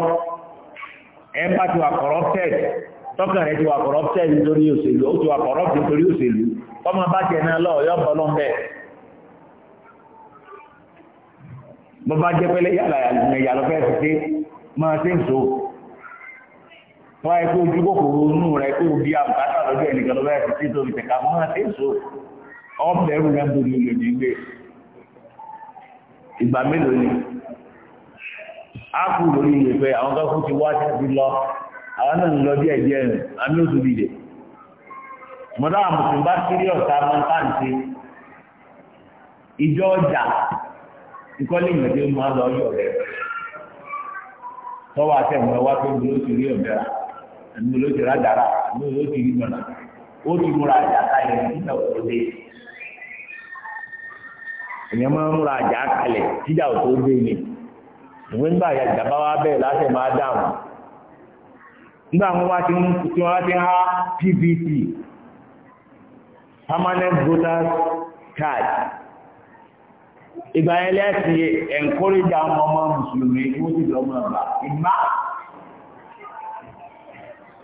Speaker 1: ẹgbà bá ti wà corrupted tọ́kàn rẹ̀ ti wà corrupted nítorí òṣèlú ó ti wà corrupted nítorí òṣèlú ọmọ bá jẹ náà lọ ọyọ bọ́ lọ́nbẹ̀ bó bá jẹ́ pẹ́lẹ́ yàrá ìyá lọ fẹ́ẹ́ fi máa ṣe ń so ojú kòkòrò inú kó o bí àbùkátà lọ́jọ́ ẹnìkan lọ́wọ́ tẹ̀ka máa ṣe ń so ìgbà mélòó ni. á kụrụ lórí ìwé pé àwọn fún ti wá lọ àwọn lọ díẹ̀ díẹ̀ rìn àmì òtù dìde mọ̀dá bá kiri ọ̀tá mọ́ńtáǹtì ìjọ ọjà ìkọ́lé ìgbàdé máa lọ yọ̀ tọ́wọ́ àti ẹ̀mọ́ ẹ̀wá pé mi rí rí mọ̀nà ó ti múra ìwé nígbà ìjàmbá wa bẹ́ẹ̀ láti máa dáàmú nígbà wọn wá ti ń tí wọn ti ń há PVC permanent voters card ìgbà yẹn lẹ́sìn encourage àwọn ọmọ mùsùlùmí kí wọ́n sì lọ mọ̀ ọ̀gbà ìmá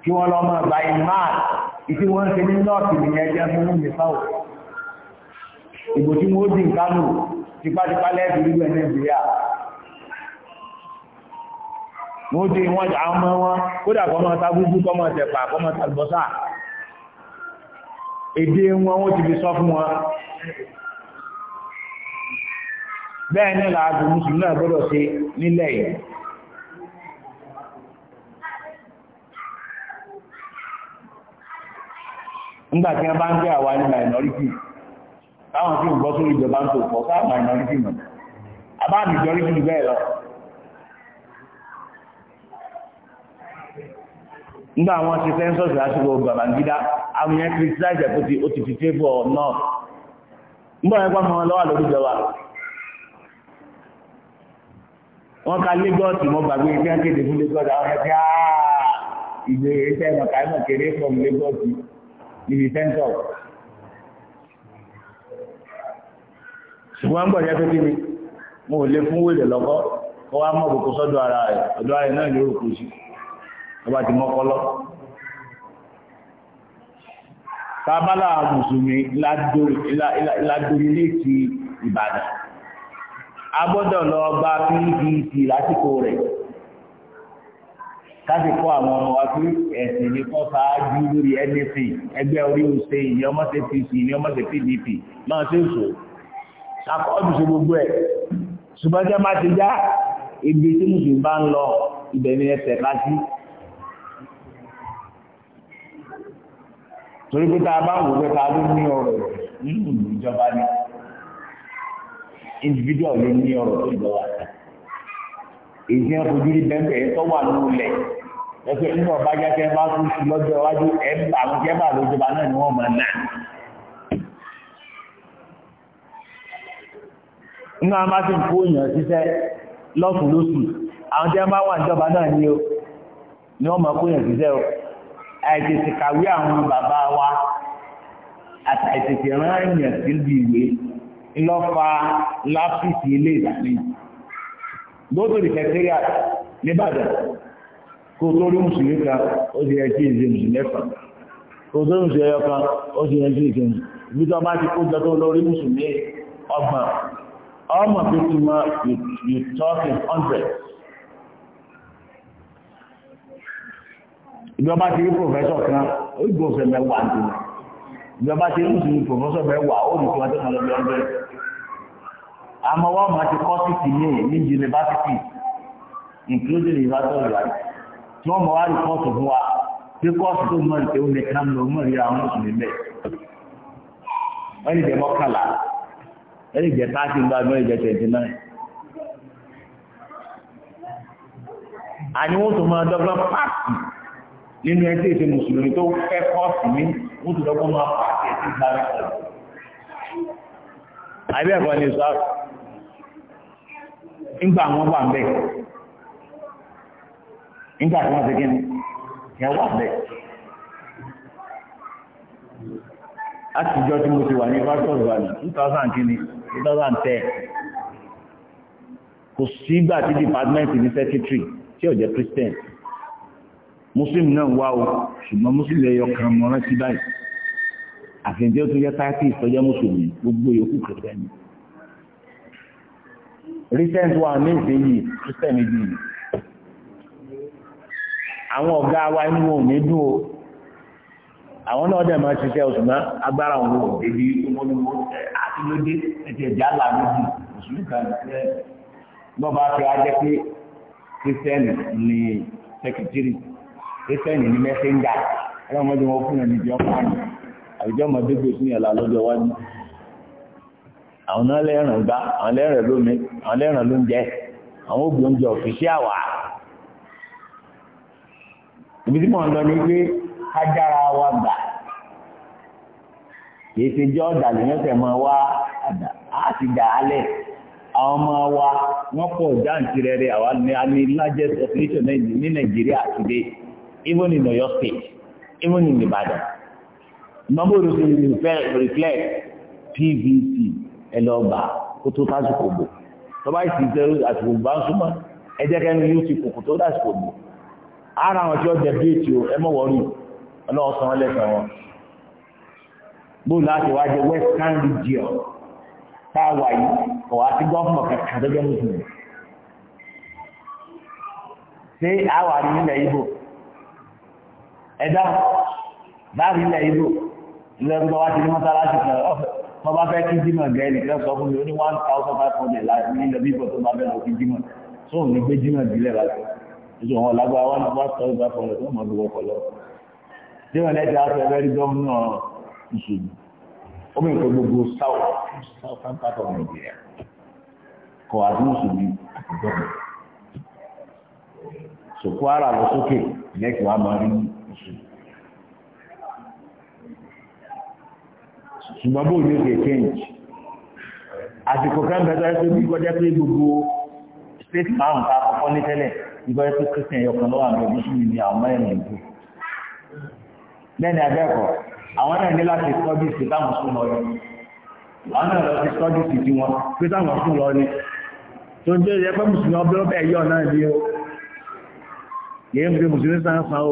Speaker 1: kí wọ́n lọ mọ̀ ọ̀gbà ìmá ìtí wọ́n ń ṣe ní nọ́ọ̀tì nìyẹn jẹ́ fún mi sáwọ̀ ìbò wọ́n dì ń tipátipá lẹ́sìn nílùú Nàìjíríà wọ́n dé wọ́n jà ọmọ wọn kódà kọmọ ta gúgú kọmọ tẹ̀pà kọmọ tàbọ́sà èdè wọn wọ́n ti fi sọ fún wọn bẹ́ẹ̀ ní làágbò mùsùlùmí náà gbọ́dọ̀ ṣe nílẹ̀ yìí nígbà tí wọ́n bá ń gbé àwa ní minority táwọn tí ń gbọ́ sórí ìjọba ń tò pọ̀ sáà minority mọ̀ àbá mi jọrí jù bẹ́ẹ̀ lọ
Speaker 2: nígbà àwọn ti sensors lásìkò Babangida àwọn yẹn criticize ẹ̀kọ́ ti ó
Speaker 1: ti fi favour north nígbà wọn pàmò lọ́wọ́ lórí ìjọba wọn ka Lagos mọ gbàgbé ibi wọn kéde fún Lagos àwọn ẹgbẹ́ aaa ah, ìgbé iṣẹ́ ìmọ̀ká ìmọ̀ kéré from Lagos níbi sensors ṣùgbọ́n ń bọ̀ jẹ́ pé kí ni mo ò lè fún wèrè lọ́kọ́ kó wá mọ̀ kókó sọ́dọ̀ ara rẹ̀ ọ̀dọ̀ ara rẹ̀ náà ló rò kó sí ọba ti mọ́kọ́lọ́ tábálà mùsùlùmí ládórí léèkì ìbàdàn a gbọ́dọ̀ lọ gba pdp lásìkò rẹ̀ káti kọ́ àwọn ọmọ wa pé ẹ̀sìn ní kọ́ sáájú lórí anything ẹgbẹ́ orí òṣè ìní ọmọṣẹ́ pc ìní ọmọṣẹ́ pdp náà ṣe ń sọ ṣàkọ́ọ̀dù ṣe gbogbo ẹ̀ ṣùgbọ́n jẹ́ má ti já ibi tí mùsùlùmí bá ń lọ ibẹ̀ ni ẹsẹ̀ ká torí pé tá a bá wò pé ta ló ní ọ̀rọ̀ nínú ìlú ìjọba ni individual ló ní ọ̀rọ̀ tó ìjọba èyí tí wọn fojú rí bẹ́ẹ̀ ẹ̀ tó wà nínú ilẹ̀ ẹ̀fẹ̀ nínú ọba jákẹ́ bá tún sí lọ́jọ́ iwájú ẹ̀bà àwọn jẹ́bà lójọba náà ni wọ́n máa nà. nínú àwọn bá ti kó èèyàn ṣiṣẹ́ lọ́sùn lóṣù àwọn jẹ́ wà níjọba náà ni wọ́n máa kó èèyàn ṣiṣẹ́ o àìtètè kàwé àwọn bàbá wa àtàìtètè rán èèyàn síbi ìwé ńlọ́fà láfíìsì ilé ìdàní lóòótọ́ ìfẹ́tẹ́rìà nìbàdàn kó tó rí mùsùlùmí kan ó ti yẹ kí èdè mùsùlùmí ẹ̀fà kó tó rí mùsùlùmí ẹ̀yọ kan ó ti yẹ kí èdè mùsùlùmí ibi tó bá ti kó jọ tó lórí mùsùlùmí ọgbọ̀n ọmọ pé kí wọ́n you talk in hundreds ìjọba ti rí pòfẹ́sọ̀ kan ó gbọ́sẹ̀ mẹ́wàá ń tẹ̀lé ìjọba ti rí mùsùlùmí pòfẹ́sọ̀ mẹ́wàá ó nìkan wá tẹ̀lé ọdún ọdún àmọ́ wọ́n máa ti kọ́ síkì ní ní yunifásitì including university life tí wọ́n mọ̀ wá rí kọ́ọ̀sì fún wa pé kọ́ọ̀sì tó mọ̀ ìpè olè kan lọ mọ̀ rí àwọn mùsùlùmí bẹ́ẹ̀ wọ́n lè jẹ́ mọ́kànlá wọ́n lè jẹ́ táàtì ńgbà wọ́n lè jẹ́ twenty nine
Speaker 2: tó máa dọ́gbọ́n pàtì
Speaker 1: nínú ẹgbẹ́ ìṣe mùsùlùmí tó fẹ́ kọ́ọ̀sì mi wọ́n ti lọ́gbọ́n máa pàṣẹ sí ìgbàlẹ̀ kan. àbí ẹ̀kọ́ ni sọ nígbà wọn wà ń bẹ̀ nígbà tí wọ́n ti kí ni yẹn wà bẹ̀. látijọ́ tí mo ti wà ní factor valley two
Speaker 2: thousand kìíní two thousand ten
Speaker 1: kò sígbà tí department ní secretary tí ò jẹ́ christian muslim náà wá o ṣùgbọ́n muslim lè yọ kàn mọ́rán sí báyìí àfihàn tó yẹ táàkì ìsọjẹ́ mùsùlùmí gbogbo yòókù kẹfẹ́ ni recent one ní ìsìn yìí christian méjì yìí àwọn ọ̀gá wa inú wọn ò ní dùn o àwọn náà dẹ̀ máa ṣiṣẹ́ oṣù náà agbára òun ò débi ọmọlúwọ àti lóde ẹ̀tì ẹ̀dá làlódì mùsùlùmí kan ṣe lọ́ba fi ajẹ́ pé christian ní secretary kéṣẹ́ni ní mẹ́sẹ́ńgà ọlọ́mọdé wọn fún ẹni jọ pààyàn àwùjọ ọmọdégbè fún yàrá lọ́jọ́ wájú àwọn náà gbá àwọn lẹ́ràn lómi àwọn lẹ́ràn lóúnjẹ àwọn òbí oúnjẹ ọ̀fíṣẹ́ àwà ibi tí mò ń lọ ní pé kájára wa gbà kìí ṣe jọ́ ọ̀dà máa wá àdà á dà àwọn ọmọ wa wọ́n pọ̀ jáǹtì rẹ̀ rẹ̀ ní lájẹ́ ní Nàìjíríà even in Oyo State, even in Ibadan. Number of things reflect PVC ẹlọ́gbà kó tó tásìkò bò. Tọ́ba ìsì ìtẹ́rù àsìkò bá a súnmọ́, ẹ jẹ́ kẹ́rin yóò ti for tó dásìkò bò. Ara àwọn tí ó dẹ̀bíyèsí o, ẹ mọ̀ wọ́rù, ọlọ́wọ́ san wọ́n lẹ́sàn wọn. Bó láti wá jẹ Western region tá a wà yìí, kọ̀ wá sí gọ́fìnà kankan tó jẹ́ mùsùlùmí. Ṣé àwa ní Ibo? ẹ̀dá láàrin ilẹ̀ ìlú ilẹ̀ tó wá ti ní mọ́sálásì kan tó bá fẹ́ kí jímọ̀ gẹ́ nìkan sọ fún mi ó ní one thousand five hundred láti ní ilẹ̀ bíbọ̀ tó bá fẹ́ lọ kí jímọ̀ tó ní gbé jímọ̀ bílẹ̀ one thousand five hundred tó mọ̀ bí wọ́pọ̀ lọ. jímọ̀ lẹ́tẹ̀ á fẹ́ fẹ́rí gómìnà ìṣèlú ó mẹ́ south southern part of Nigeria kọ̀ àdúgbò mi àti gbọ́dọ̀ sòkó ara lọ sókè lẹ́kọ̀ọ́ àmọ́ rí mi méjì ṣùgbọ́n bó ní ó ṣe change àsìkò kan bẹ̀rẹ̀ tó bí kọjá pé gbogbo state márùn ta kọ́kọ́ ní tẹ́lẹ̀ ìgbọ́jẹ́ tó christian yọkan lọ́wọ́ àmì ọdún ṣùgbọ́n ní àwọn mẹ́rin ìlú lẹ́ni abẹ́ẹ̀kọ́ àwọn náà ní láti tọ́jú sí táwọn sún lọ ní àwọn náà lọ tọ́jú sí tí wọn pé táwọn sún lọ ní tó ń jẹ́ ìyẹ́pẹ́ mùsùlùmí ọbẹ̀ ọbẹ̀ náà ní o kì í mùsùlùmí sáà sáà o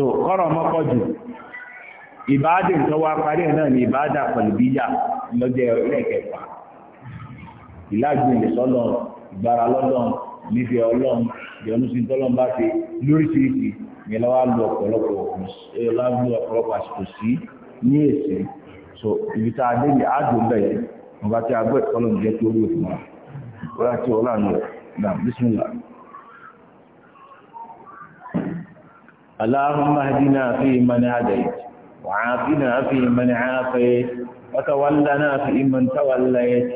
Speaker 1: so kọ́rọ̀ mọ́kọ́ jù ìbáàdì tó wá parí ẹ̀ náà ni ìbáàdà pẹ̀lúbíyà lọ́jọ́ ẹlẹ́kẹfà ìlàgbìlẹ̀ sọ́lọ́ ìgbára lọ́lọ́n nífẹ̀ ọlọ́run ìyọnu sí tọ́lọ́n bá ti lóríṣiríṣi ni lọ́wọ́ lu ọ̀pọ̀lọpọ̀ àsìkò sí ní èsì so ibi tá a bẹ́ẹ̀ wọn bá ti agbẹ́ ìtọ́lọ́n jẹ́ tó wù fún wọ́n ti ọlọ́run náà bísí اللهم اهدنا فيمن هديت وعافنا فيمن عافيت وتولنا فيمن توليت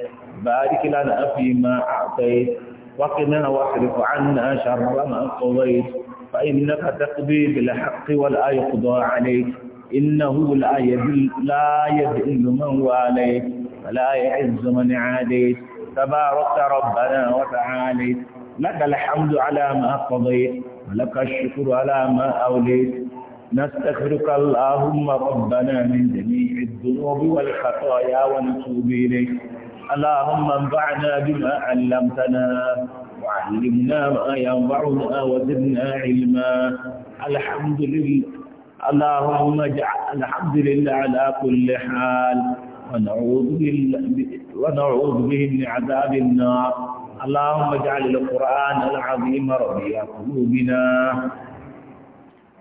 Speaker 1: بارك لنا فيما أعطيت وقنا واصرف عنا شر ما قضيت فإنك تقضي بالحق ولا يقضى عليك إنه لا يذل لا يذل من واليت ولا يعز من عاديت تبارك ربنا وتعاليت لك الحمد على ما قضيت ولك الشكر على ما أوليت نستغفرك اللهم ربنا من جميع الذنوب والخطايا ونتوب إليك اللهم انفعنا بما علمتنا وعلمنا ما ينفعنا وزدنا علما الحمد لله اللهم اجعل الحمد لله على كل حال ونعوذ, بالله ونعوذ به من عذاب النار اللهم اجعل القرآن العظيم ربي قلوبنا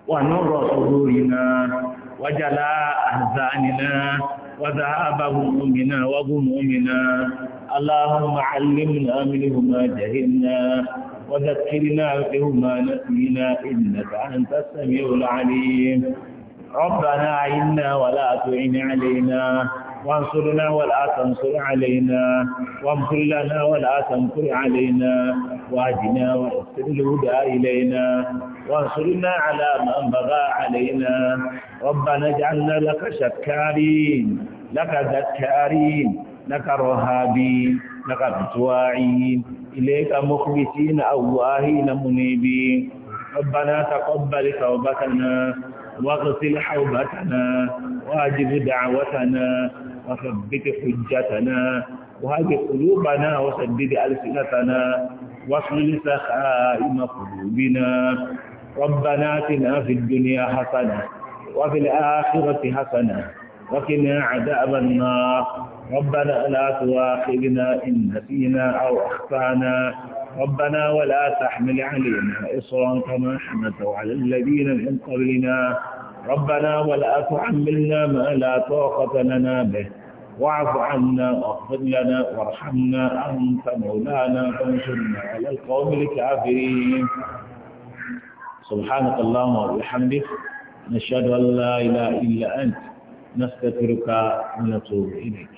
Speaker 1: ونور صدورنا وجلاء أحزاننا وذهاب همومنا وغمومنا اللهم علمنا منه ما جهلنا وذكرنا به ما نسينا إنك أنت السميع العليم ربنا عنا ولا تعين علينا وانصرنا ولا تنصر علينا وامكر لنا ولا تنكر علينا واجنا واستر الهدى إلينا وانصرنا على من بغى علينا ربنا اجعلنا لك شكارين لك ذكارين لك رهابين لك متواعين إليك مخبتين أواهين منيبين ربنا تقبل توبتنا واغسل حوبتنا واجب دعوتنا وثبت حجتنا وهذه قلوبنا وسدد ألسنتنا واصل سخائم قلوبنا ربنا اتنا في الدنيا حسنة وفي الآخرة حسنة وقنا عذاب النار ربنا لا تواخذنا إن نسينا أو أخطأنا ربنا ولا تحمل علينا إصرا كما حملته على الذين من قبلنا ربنا ولا تحملنا ما لا طاقة لنا به واعف عنا واغفر لنا وارحمنا أنت مولانا فانصرنا على القوم الكافرين سبحانك اللهم وبحمدك نشهد أن لا إله إلا أنت نستغفرك ونتوب إليك